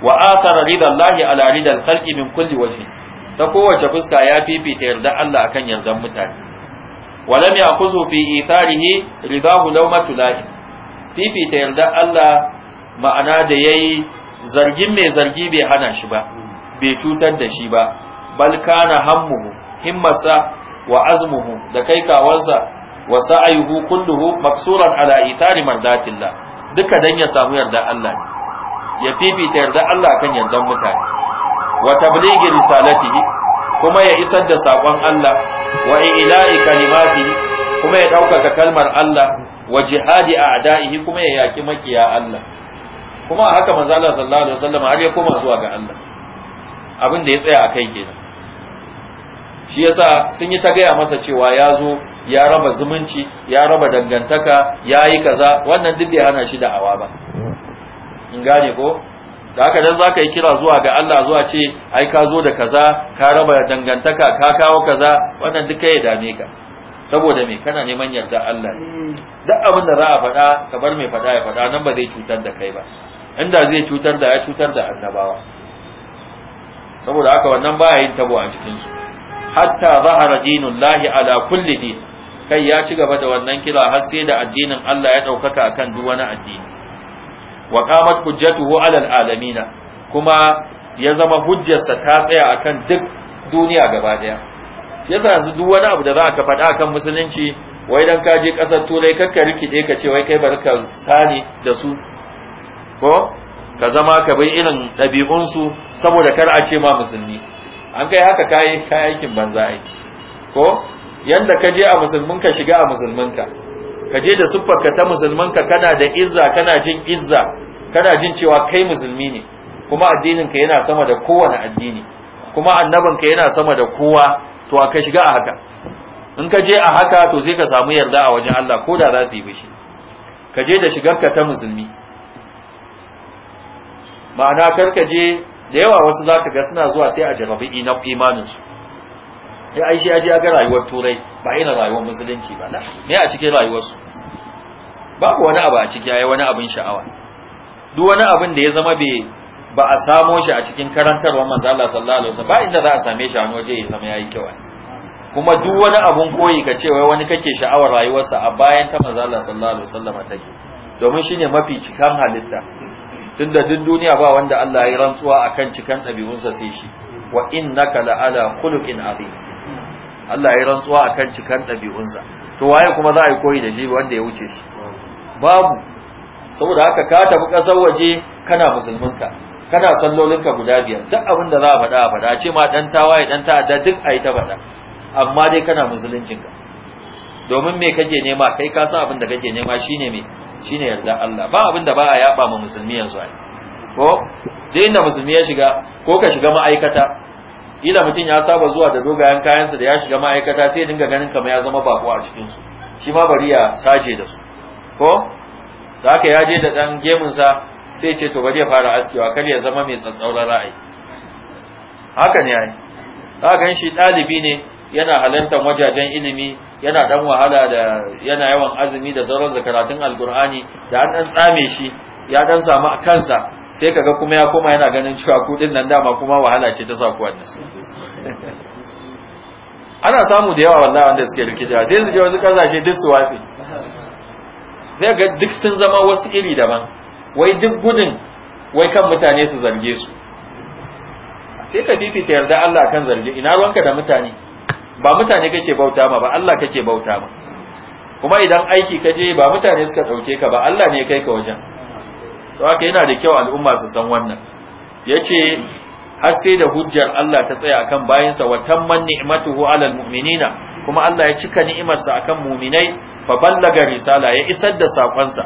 wa athara ridallahi ala ridal khalqi min kulli wajhi ta kowace fuska ya fifita yarda Allah akan yardan mutane walam yakuzu fi itharihi ridahu lawmatu lahi fifita yarda Allah ma'ana da yayi zargin mai zargi bai hana shi ba bai cutar da shi ba bal kana hammuhu himmasa wa azmuhu da kai kawansa wa sa'ayuhu kulluhu maksuran ala itari mardatillah duka dan ya samu yarda Allah ya fifita yarda Allah kan yardan mutane wa tablighi risalatihi kuma ya isar da sakon Allah wa ila'i kalimatihi kuma ya ɗaukaka kalmar Allah wa jihadi a a'da'ihi kuma ya yaki makiya Allah kuma haka manzo Allah sallallahu alaihi wasallam har ya koma zuwa ga Allah abin da ya tsaya a kai kenan shi yasa sun yi ta gaya masa cewa ya zo ya raba zumunci ya raba dangantaka ya yi kaza wannan duk bai hana shi da'awa ba in gane ko da haka dan zaka yi kira zuwa ga Allah zuwa ce ai ka zo da kaza ka raba dangantaka ka kawo kaza wannan duk kai dame ka saboda me kana neman yarda Allah ne hmm. duk abin da za a faɗa ka bar mai faɗa ya faɗa nan ba zai cutar da kai ba inda zai cutar da ya cutar da annabawa saboda aka wannan baya yin tabo a cikinsu hatta zahara dinun lahi ala kulli din kai ya ci gaba da wannan kira har sai da addinin Allah ya ɗaukaka akan duk wani addini wa qamat hujjatuhu ala alamina kuma ya zama hujjarsa ta tsaya akan duk duniya gaba daya yasa yanzu duk wani abu da za ka faɗa akan musulunci wai dan ka je ƙasar turai kakka rikide ka ce wai kai bari ka sani da su ko ka zama ka bai irin ɗabi'unsu saboda kar a ce ma musulmi an kai haka kayi kayakin banza ai ko yanda ka je a musulmin ka shiga a musulmin ka ka je da siffar ka ta musulmin ka kana da izza kana jin izza kana jin cewa kai musulmi ne kuma addinin ka yana sama da kowane addini kuma annabin ka yana sama da kowa to ka shiga a haka in ka je a haka to sai ka samu yarda a wajen Allah ko da za su yi bishi ka je da shigar ka ta musulmi ma'ana je da yawa wasu za ka ga suna zuwa sai a jarabi ina imaninsu ya ai shi aje ga rayuwar turai ba ina rayuwar musulunci ba na me a cikin rayuwarsu babu wani abu a ciki yayi wani abin sha'awa duk wani abin da ya zama bai ba a samo shi a cikin karantarwar manzo Allah sallallahu alaihi wasallam ba inda za a same shi a waje ya zama yayi kyau kuma duk wani abun koyi ka ce wai wani kake sha'awar rayuwarsa a bayan ta manzo Allah sallallahu alaihi wasallam take domin shine mafi cikan halitta tunda duk duniya ba wanda Allah ya yi rantsuwa akan cikan ɗabi'unsa sai shi wa innaka la'ala khuluqin azim Allah ya yi rantsuwa akan cikan ɗabi'unsa to waye kuma za a yi koyi da shi wanda ya wuce shi babu saboda haka ka tafi kasar waje kana musulminka kana sallolinka guda biyar duk abin da za a faɗa a faɗa ce ma ɗan tawaye ɗan ta'adda duk a yi ta faɗa amma dai kana musuluncinka domin me kake nema kai ka san abin da kake nema shine me shine yarda Allah ba abin da ba a yaba ma musulmi yanzu ai ko duk inda musulmi ya shiga ko ka shiga ma'aikata ila mutum ya saba zuwa da dogayen kayansa da ya shiga ma'aikata sai ya dinga ganin kamar ya zama bako a cikin su shi ma bari ya saje da su ko da aka ya je da dan gemun sa sai ce to bari ya fara askewa kar ya zama mai tsantsauran ra'ayi haka ne ai haka shi ɗalibi ne yana halantar wajajen ilimi yana dan wahala da yana yawan azumi da zaron zakaratun alkur'ani da an dan tsame shi ya dan samu kansa sai kaga kuma ya koma yana ganin cewa kudin nan dama kuma wahala ce ta sa ku wannan ana samu da yawa wallahi wanda suke rikida sai su je wasu kasashe duk su watsi sai ga duk sun zama wasu iri daban wai duk gudun wai kan mutane su zarge su sai ka fifita yarda Allah kan zarge, ina ruwanka da mutane ba mutane kake bauta ma ba Allah kake bauta ma kuma idan aiki ka je ba mutane suka dauke ka ba Allah ne kai ka wajen to haka yana da kyau al'umma su san wannan yace har sai da hujjar Allah ta tsaya akan bayinsa wa tamman ni'matuhu alal mu'minina kuma Allah ya cika ni'imar sa akan mu'minai fa ballaga risala ya isar da sakonsa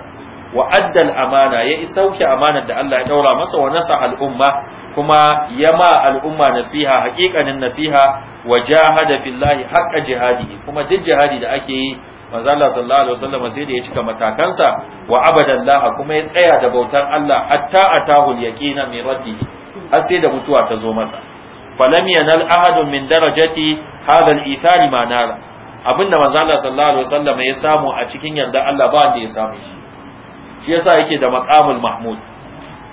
wa addal amana ya isauke amanar da Allah ya daura masa wa nasa al'umma kuma ya ma al'umma nasiha haƙiƙanin nasiha wa jahada fillahi haqqa jihadi kuma duk jihadi da ake yi manzo Allah sallallahu alaihi wasallam sai da ya cika matakansa wa abadallaha kuma ya tsaya da bautar Allah hatta atahul yaqina min rabbih har sai da mutuwa ta zo masa falam yanal ahadun min darajati hadha al-ithari ma nara abinda manzo sallallahu alaihi wasallam ya samu a cikin yarda Allah ba wanda ya samu shi shi yasa yake da maqamul mahmud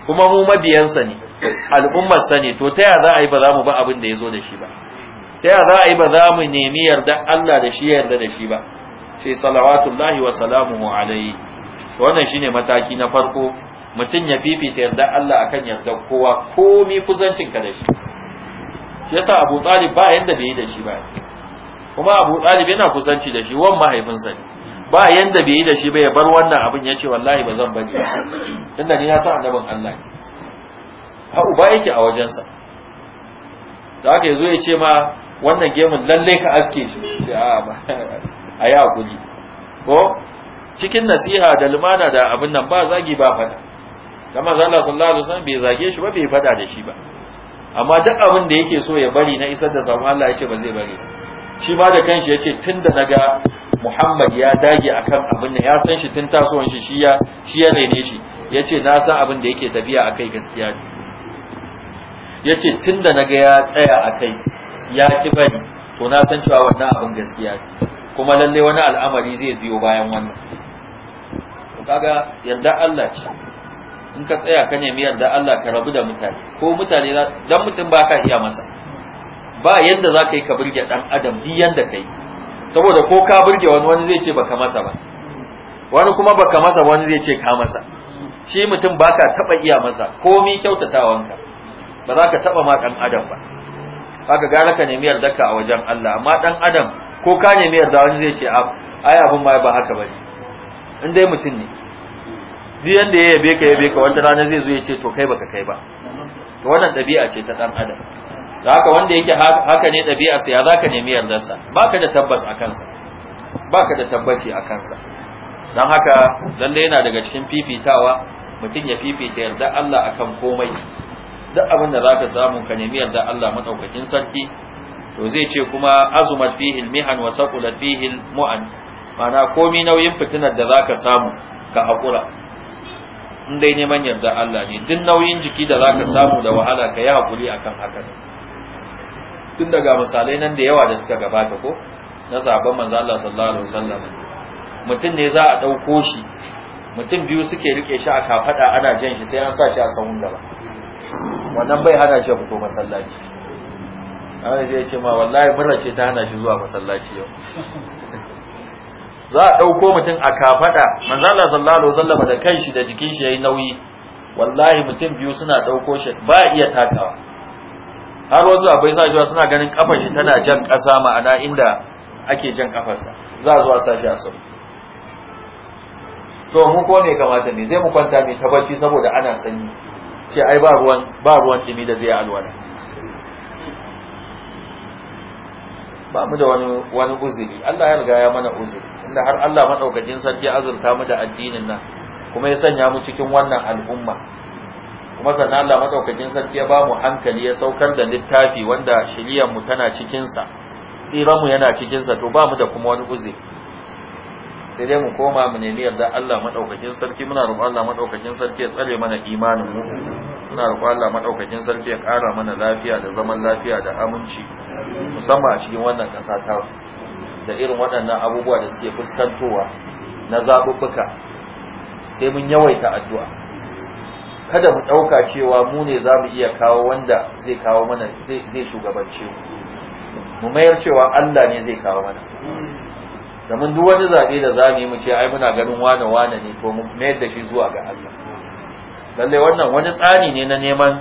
kuma mu mabiyansa ne al'ummar sa ne to ta ya za a yi ba za mu ba abin da ya zo da shi ba ta ya za a yi ba za mu nemi yarda Allah da shi ya yarda da shi ba sai salawatullahi wa salamuhu alaihi wannan shine mataki na farko mutum ya fifita yarda Allah akan yarda kowa komi kuzancin ka da shi shi yasa Abu Talib ba yanda bai yi da shi ba kuma Abu Talib yana kusanci da shi wan mahaifinsa ne ba yanda bai yi da shi ba ya bar wannan abin ya ce wallahi ba zan bari tunda ni na san annabin Allah ne ha uba yake a wajensa da aka yazo ya ce ma wannan gemun lalle ka aske shi ah, a yi hakuri ko cikin nasiha da lumana da abin nan ba zagi ba fada kama zala sallallahu alaihi wasallam bai zage shi ba bai fada da shi ba amma duk abin da yake so ya bari na isar da sabon Allah yace ba zai bari shi ba da kanshi yace tunda naga Muhammad ya dage akan abin nan ya san shi tun tasowar shi shi ya shi ya rene shi yace na san abin da yake tafiya akai gaskiya ne ya ce tun da naga ya tsaya a kai ya ki bari to na san cewa wannan abin gaskiya ne kuma lalle wani al'amari zai biyo bayan wannan to kaga yarda Allah ce in ka tsaya ka nemi yarda Allah ka rabu da mutane ko mutane dan mutum ba ka iya masa ba yanda za ka yi ka burge dan adam duk yanda kai saboda ko ka burge wani wani zai ce baka masa ba wani kuma baka masa wani zai ce ka masa shi mutum baka taba iya masa komi kyautatawanka ba za ka taba ma ɗan adam ba haka gara ka nemi yardarka a wajen Allah amma ɗan adam ko ka nemi yarda wani zai ce ai abun ma ba haka ne in dai mutum ne duk yanda ya yabe ka yabe ka wata rana zai zo ya ce to kai baka kai ba to wannan ɗabi'a ce ta ɗan adam da haka wanda yake haka ne ɗabi'a sa ya za ka nemi yardarsa ka da tabbas a kansa Ba ka da tabbaci a kansa don haka lalle yana daga cikin fifitawa mutum ya fifita yarda Allah akan komai duk abin da zaka samu ka nemi yarda Allah madaukakin sarki to zai ce kuma azumat fihi almihan wa saqulat fihi almu'an mana komi nauyin fitinar da zaka samu ka hakura in dai neman yarda Allah ne duk nauyin jiki da zaka samu da wahala ka yi hakuri akan haka tun daga misalai nan da yawa da suka gabata ko na sabon manzo Allah sallallahu alaihi wasallam mutum ne za a dauko shi mutum biyu suke rike shi a kafaɗa ana jan shi sai an sa shi a sahun gaba wannan bai hana shi fito masallaci amma zai ce ma wallahi murra ce ta hana shi zuwa masallaci yau za a ɗauko mutum a kafaɗa manzala sallallahu alaihi wasallam da kanshi da jikin shi yayi nauyi wallahi mutum biyu suna ɗauko shi ba iya takawa har wasu abai sa shi suna ganin kafar shi tana jan ƙasa ma'ana inda ake jan kafarsa za a zo a sashi a sau to mu ko me kamata ne zai mu kwanta mai tabbaci saboda ana sanyi ce ai ba ruwan ba da zai alwala ba mu da wani wani uzuri Allah ya riga ya mana uzuri inda har Allah madaukakin sarki azurta mu da addinin nan kuma ya sanya mu cikin wannan al'umma kuma sannan Allah madaukakin sarki ya ba mu hankali ya saukar da littafi wanda shiriyar mu tana cikin sa yana cikinsa, to ba mu da kuma wani uzuri sai dai mu koma mu nemi yarda Allah madaukakin sarki muna roƙon Allah madaukakin sarki ya tsare mana imanin mu muna roƙon Allah madaukakin sarki ya ƙara mana lafiya da zaman lafiya da aminci musamman a cikin wannan ƙasa ta da irin waɗannan abubuwa da suke fuskantowa na zaɓuɓɓuka sai mun yawaita addu'a kada mu ɗauka cewa mu ne za mu iya kawo wanda zai kawo mana zai shugabance mu mu mayar cewa Allah ne zai kawo mana domin duk wani zaɓe da za mu yi mu ce ai muna ganin wane wane ne ko mu mayar da shi zuwa ga Allah lallai wannan wani tsani ne na neman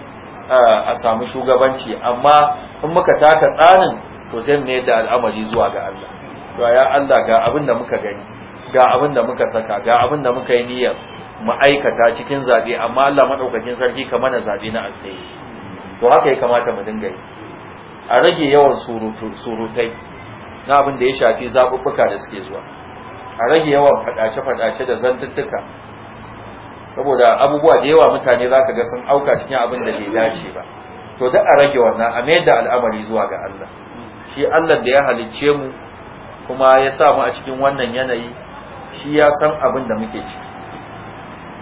a samu shugabanci amma in muka taka tsanin to sai mu mayar da al'amari zuwa ga Allah to ya Allah ga abin da muka gani ga abin da muka saka ga abin da muka yi niyyar mu aikata cikin zaɓe amma Allah madaukakin sarki ka mana zaɓe na alkhairi to haka ya kamata mu dinga yi a rage yawan surutai na abin da ya shafi zaɓuɓɓuka da suke zuwa a rage yawan faɗace-faɗace da zantuttuka saboda abubuwa da yawa mutane za ka ga sun auka cikin abin da bai dace ba to duk a rage wannan a mayar da al'amari zuwa ga Allah shi Allah da ya halicce mu kuma ya sa mu a cikin wannan yanayi shi ya san abin da muke ci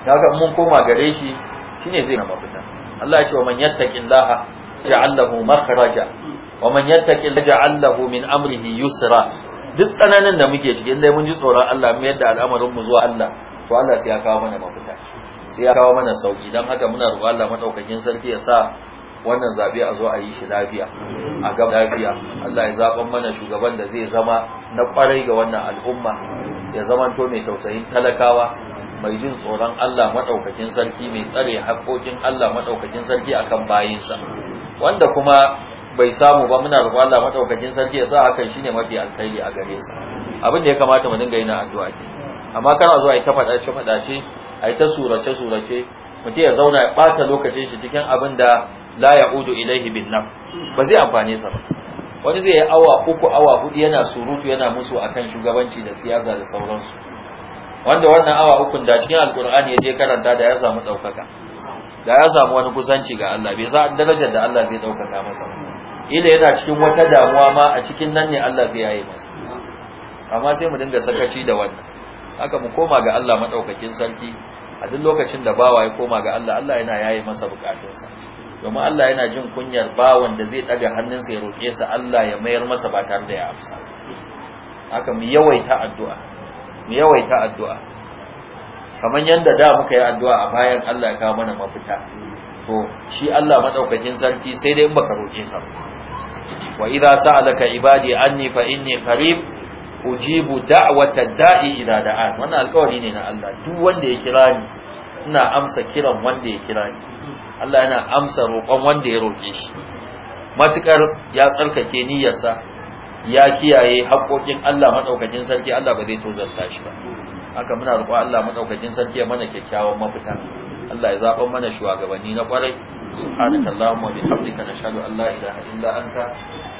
daga mun koma gare shi shine zai na mafita Allah ya ce wa man yattaqillaha ja'al lahu makhraja wa man yattaqi yaj'al lahu min amrihi yusra duk tsananin da muke cikin dai mun ji tsoron Allah mu yadda al'amarin mu zuwa Allah to Allah sai ya kawo mana mafita sai ya kawo mana sauki dan haka muna roƙon Allah madaukakin sarki ya sa wannan zabe a zo a yi shi lafiya a gaba lafiya Allah ya zaban mana shugaban da zai zama na kwarai ga wannan al'umma ya zamanto mai tausayin talakawa mai jin tsoron Allah maɗaukakin sarki mai tsare haƙoƙin Allah maɗaukakin sarki akan bayinsa wanda kuma bai samu ba muna roƙon Allah madaukakin sarki ya sa hakan shine mafi alkhairi a gare sa abin da ya kamata mu dinga yin addu'a ke amma kana zuwa yi ta fadace fadace yi ta surace surace mutum ya zauna ya bata lokacin shi cikin abin da la ya'udu ilaihi bin naf ba zai amfane sa ba wani zai yi awa uku awa hudu yana surutu yana musu akan shugabanci da siyasa da sauransu wanda wannan awa ukun da cikin alkur'ani ya je karanta da ya samu ɗaukaka da ya samu wani kusanci ga Allah bai san darajar da Allah zai ɗaukaka masa ila yana cikin wata damuwa ma a cikin nan ne Allah zai yaye masa amma sai mu dinga sakaci da wannan haka mu koma ga Allah madaukakin sarki a duk lokacin da bawa ya koma ga Allah Allah yana yaye masa bukatunsa domin Allah yana jin kunyar bawan da zai daga hannunsa ya roke sa Allah ya mayar masa ba tare da ya amsa haka mu yawaita addu'a mu yawaita addu'a kamar yadda da muka yi addu'a a bayan Allah ya kawo mana mafita to shi Allah madaukakin sarki sai dai in baka roƙe sa wa idza sa'alaka ibadi anni fa inni qarib ujibu da'wata da'i idza da'a wannan alƙawari ne na Allah duk wanda ya kira ni ina amsa kiran wanda ya kira ni Allah yana amsa roƙon wanda ya roƙe shi matukar ya tsarkake niyyarsa ya kiyaye haƙoƙin Allah madaukakin sarki Allah ba zai tozarta shi ba haka muna roƙon Allah madaukakin sarki ya mana kyakkyawan mafita Allah ya zaɓa mana shugabanni na ƙwarai سبحانك اللهم وبحمدك نشهد ان لا اله الا انت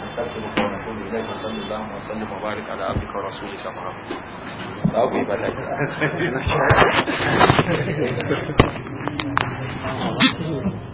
نستغفرك ونتوب اليك وصلى اللهم وسلم وبارك على عبدك ورسولك محمد. Thank you.